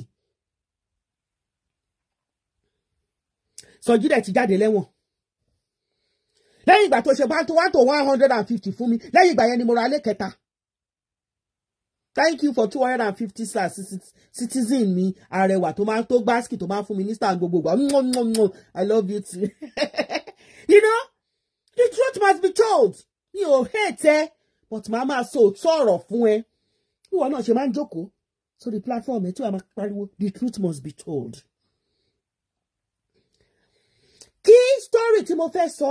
Sọjí dẹ̀ ti jáde lẹ́wọ̀n lẹ́yìn ìgbà tó ṣe bá tó wá tó one hundred and fifty fún mi lẹ́yìn ìgbà yẹn ni mo ra ilé kẹta thank you for two hundred and fifty stars citizen mi arẹwà tó máa tó gbásìkì tó máa fún mi ní star gbogbo gbà i love you too you know the truth must be told mi ò hate ẹ but màá máa sọ òótọ́ ọ̀rọ̀ fún ẹ ìwọ náà ṣe máa ń jókòó sórí platform ẹ tí wàá máa pariwo the truth must be told. story tí mo fẹ́ sọ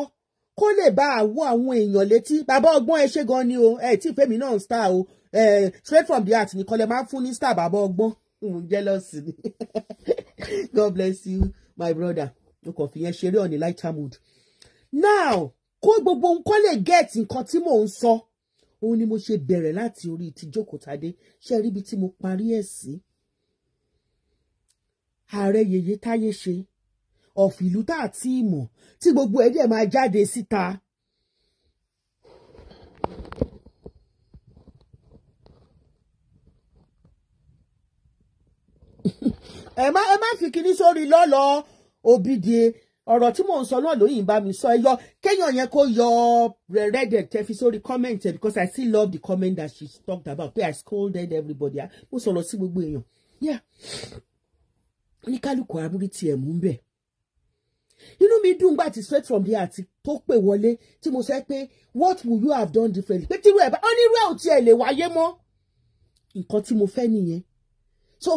kó lè bá àwọ àwọn èèyàn létí bàbá ọgbọ́n ẹ ṣe gan ni o ẹ tí ìfẹ́mi náà ń star o straight from the heart ni lè máa ń fún ní star bàbá ọgbọ́n jealous ni God bless you my brother mo kàn fi yẹn ṣeré ọ̀nì lighter mood now kó gbogbo nǹkan lè get nǹkan tí mò ń sọ òun ni mo ṣe bẹ̀rẹ̀ láti orí ìtìjókòtadé ṣe ríbi tí mo parí ẹ̀ sí ààrẹ yèyé táyé ṣe of ìlú tá a ti mọ̀ tí gbogbo ẹ̀ dẹ̀ máa jáde síta. ẹ má ẹ má fi kinní sórí lọ́lọ́ òbídìí ọ̀rọ̀ tí mò ń sọ náà lóyìn bá mi sọ ẹ yọ kéèyàn yẹn kó yọ rẹ̀rẹ̀dẹ̀ tẹ́ fi sórí comment ẹ̀ because I still love the comment that she talked about pé I scolded everybody mo sọ̀rọ̀ sí gbogbo èèyàn yeah oníkálukú àmúrí tiẹ̀ mú bẹ́ẹ̀ inú mi dùn gbà tí straight from the heart tó pè wọlé tí mo sọ pé what would you have done differently pé tírú ẹ̀ bá onírú ẹ̀ ò tiẹ̀ lè wáyé mọ́ nǹkan tí mo fẹ́ nìyẹn so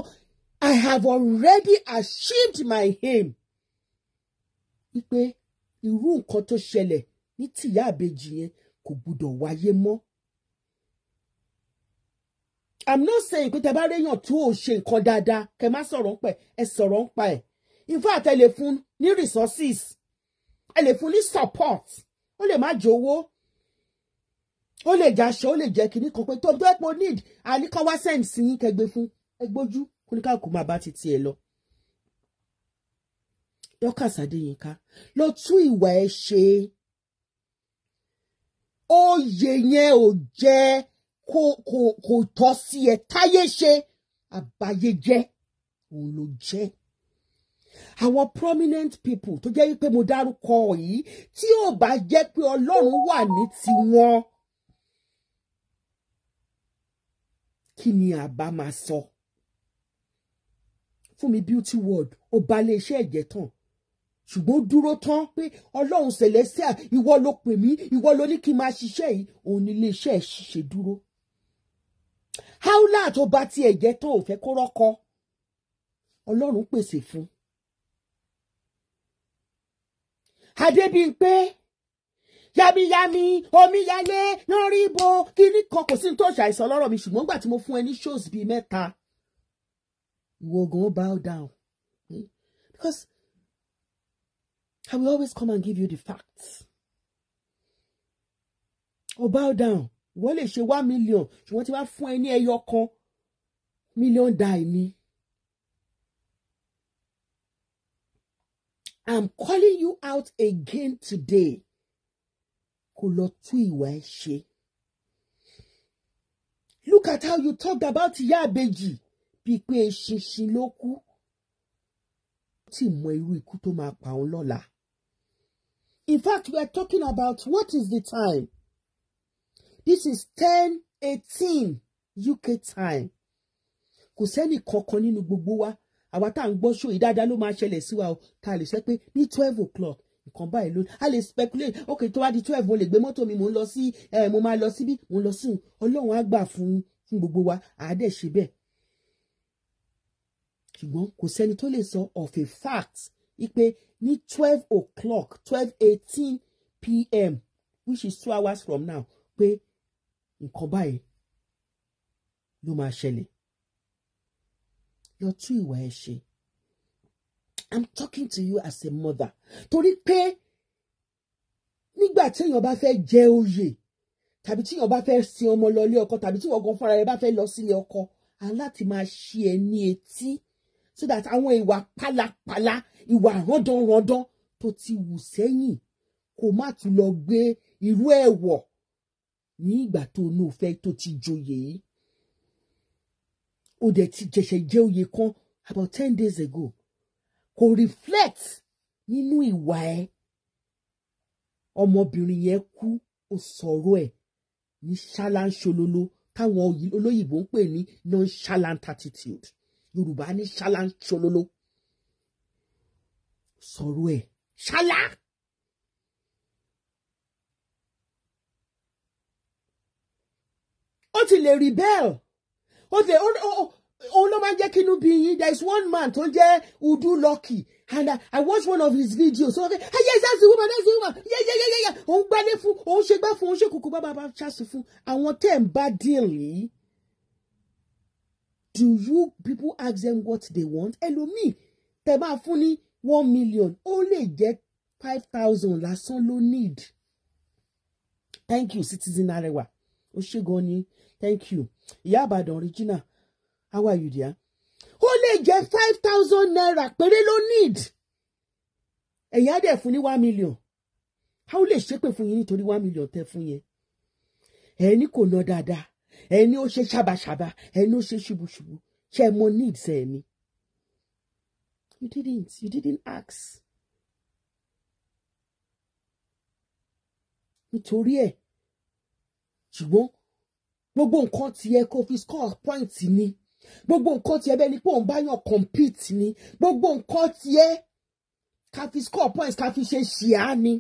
I have already achieved my aim wípé irú nǹkan tó ṣẹlẹ̀ ní tìyá àbejì yẹn kò gbúdọ̀ wáyé mọ́. I'm not saying pé tẹ bá réyàn tó o ṣe nǹkan dáadáa kẹ má sọ̀rọ̀ ń pẹ̀ ẹ sọ̀rọ̀ ń pa ẹ̀ in fact ẹ lè fún ní resources ẹ lè fún ní support ó lè má jowó ó lè jàṣọ ó lè jẹ kínní kan pé tó jẹ́ pé need àníkan wá send sí yín kẹgbẹ fún ẹ gbójú kóníkàkùn máa bá ti tiẹ̀ lọ. Dorcas Adéyínká lọ tún ìwà ẹ ṣe oyè yẹn ò jẹ́ kò kò kò tọ́ sí ẹ táyé ṣe àbáyé jẹ́ òun ló jẹ́ àwọn prominent people tó jẹ́ wípé mo dárúkọ yìí tí ò bá jẹ́ pé ọlọ́run wà ní tiwọn kí ni àbá máa sọ fún mi beauty world ó ba lè iṣẹ́ ẹ̀jẹ̀ tán ṣùgbọ́n dúró tán pé ọlọ́run celestial ìwọ ló pè mí ìwọ ló ní kí n máa ṣiṣẹ́ yìí òun ni iléeṣẹ́ ẹ̀ ṣe dúró howlá tó bá tiẹ̀ jẹ́ tán ò fẹ́ kó rọ́kọ ọlọ́run pèsè fún un Adébímpé yamiyami omíyalé nọ́ríbo kíní kan kò sí ní tó ṣàìsàn lọ́rọ̀ mi ṣùgbọ́n gbà tí mo fún ẹ ní shows bíi mẹ́ta ìwọ gan bow down hmm? because I will always come and give you the facts ó bow down ìwọ lè ṣe one million ṣùgbọ́n tí wàá fún ẹ ní ẹyọ kan million die ni I'm calling you out again today. Kò lọ tún ìwà Look at how you talked about ìyá àbèjì bíi pé eṣinṣin ló kú. Ó ti In fact, we are talking about what is the time? This is ten eighteen UK time. Kò koko kankan nínú gbogbo wa àwa tá à ń gbọ́ ṣó yìí dáadáa ló máa ṣẹlẹ̀ sí wa o tá a lè sọ pé ní twelve o'clock nǹkan báyìí ló a lè speculate ok tó bá di twelve mo lè gbé mọ́tò mi mò ń lọ sí mo máa lọ síbí mò ń lọ sí ọlọ́run á gbà fún fún gbogbo wa àádẹ́ ṣe bẹ́ẹ̀ ṣùgbọ́n kò sẹ́ni tó lè sọ of a fact ipe ní twelve o'clock twelve eighteen pm which is two hours from now pé nǹkan báyìí ló máa ṣẹlẹ̀ lọ tún ìwà ẹ ṣe i'm talking to you as a mother torí pé nígbà tí èèyàn bá fẹ́ jẹ oyè tàbí tí èèyàn bá fẹ́ sin ọmọ lọ ilé ọkọ tàbí tí ọgàn fúnra rẹ bá fẹ́ lọ sílé ọkọ aláti máa ṣí ẹ ní etí so that àwọn ìwà pálapàla ìwà rándanrandan tó ti wù sẹ́yìn kó má tún lọ gbé irú ẹ̀ wọ̀ ní ìgbà tó o náà fẹ́ tó ti joyè yìí ó dẹ̀ ti jẹ̀ṣẹ̀ jẹ́ oyè kan about ten days ago kò reflect nínú ìwà ẹ̀ ọmọbìnrin yẹn kú ó sọ̀rọ̀ ẹ̀ ní ṣáláńṣololo táwọn olóyìnbó ń pè ní nonchalant attitude yorùbá ní ṣáláńṣololo sọ̀rọ̀ ẹ̀ ṣálá. ó ti lè rebel ó dé òun ló máa ń jẹ́ kí inú bí yín there is one man tó jẹ́ Udu Lucky and uh, I watched one of his videos so okay ah yes that's the woman that's the woman yeah yeah yeah yeah òun gbálé fún òun ṣe gbá fún òun ṣe kòkó bàbá bá ṣàṣì fún àwọn tẹ́ ń bá dín yìí do you people ask them what they want ẹlòmíì tẹ́ máa fún ní one million ó lè jẹ́ five thousand lásán ló need thank you citizen Arewa ó ṣe gan ni thank you ìyá àbàdàn regina how are you dear ó lè jẹ́ five thousand naira péré ló need ẹ̀yà dẹ̀ fún ní one million how lè ṣépè fún yín nítorí one million tẹ́ fún yẹn ẹ̀ ní kò ná dáadáa ẹ̀ ní ó ṣe ṣàbàṣàbà ẹ̀ ní ó ṣe ṣubúṣubú ṣe mo needs ẹ̀ ni you didn't you didn't ask nítorí ẹ̀ ṣùgbọ́n gbogbo nǹkan tiẹ̀ kò fi score point ni gbogbo nǹkan tiẹ̀ bẹ́ẹ̀ ni pé òun bá yàn compete ni gbogbo nǹkan tiẹ̀ ká fi score point ká fi ṣe ṣìá ni.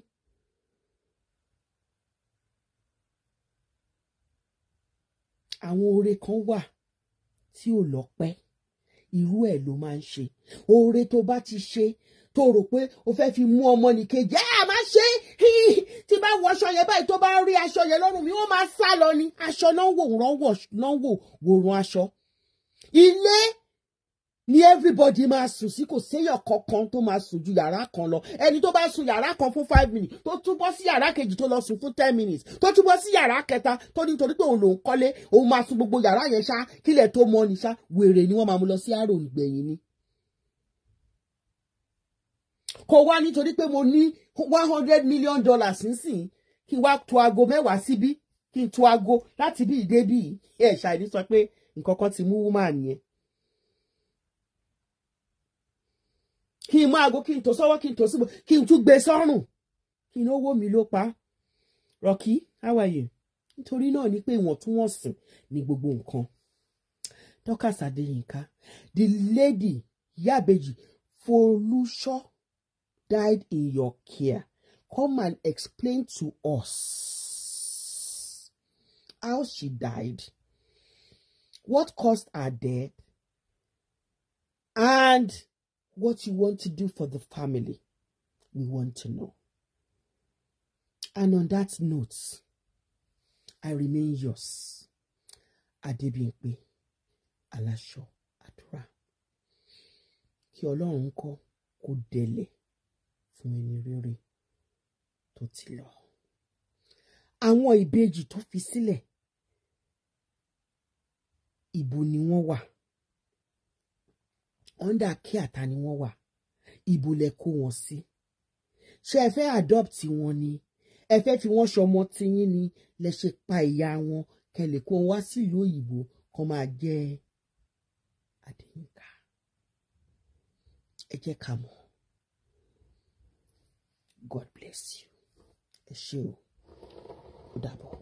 àwọn oore kan wà tí ò lọ́pẹ́ irú ẹ̀ ló máa ń ṣe oore tó bá ti ṣe tó rò pé o fẹ́ fi mú ọmọ nìkejì ẹ̀ ah, máa ṣe tí bá wọ aṣọ yẹn báyìí tó bá rí aṣọ yẹn lọ́rùn mi wọ́n máa sá lọ ni aṣọ náà wò wòrán wò náà wò aṣọ. ilé ni everybody máa sùn sí kò séyàn kankan tó máa sùn ju yàrá kan lọ ẹni tó bá sùn yàrá kan fún five minutes tó túbọ̀ sí yàrá kejì tó lọ sùn fún ten minutes tó túbọ̀ sí yàrá kẹta tó ní torí pé òun lòún kọ́lé òun máa sùn gbogbo yàrá yẹn ṣá kílẹ̀ tó mọ́ ni ṣá wèrè ni wọ́n máa mú lọ sí àrò ni kò wá nítorí pé mo ní one hundred million dollars nísìn kí n wá to aago mẹ́wàá síbí kí n to aago láti bí ìdé bí ẹ̀ ṣàìní sọ pé nǹkan kan ti mú woman yẹn. kí n mú aago kí n tó sọ́wọ́ kí n tó síbò kí n tún gbé e sọ́rùn kí n owó mi ló pa rọ̀kì àwàyè nítorí náà ni pé ìwọ̀ntúnwọ̀nsì ni gbogbo nǹkan. Dorcas Adéyínká the lady Ìyá Ìbejì Folúṣọ́. died in your care. Come and explain to us how she died, what caused her death, and what you want to do for the family. We want to know. And on that note, I remain yours, Adebimpe Alasho Atura, Kí Ọlọ́run kọ́ kó délé. fún ẹni rere tó ti lọ àwọn ìbejì tó fi sílẹ̀ ibo ni wọ́n wà under care ta ni wọ́n wà ibo lẹ kó wọn sí ṣé ẹ fẹ́ adopt wọn ni ẹ fẹ́ fi wọ́n ṣọmọ tiyín ni lẹ ṣe pa ìyá wọn kẹlẹ̀ kó wọn wá sílùú òyìnbó kó máa jẹ́ Adéyínká ẹ jẹ́ ká mọ̀ God bless you. Eshew. double.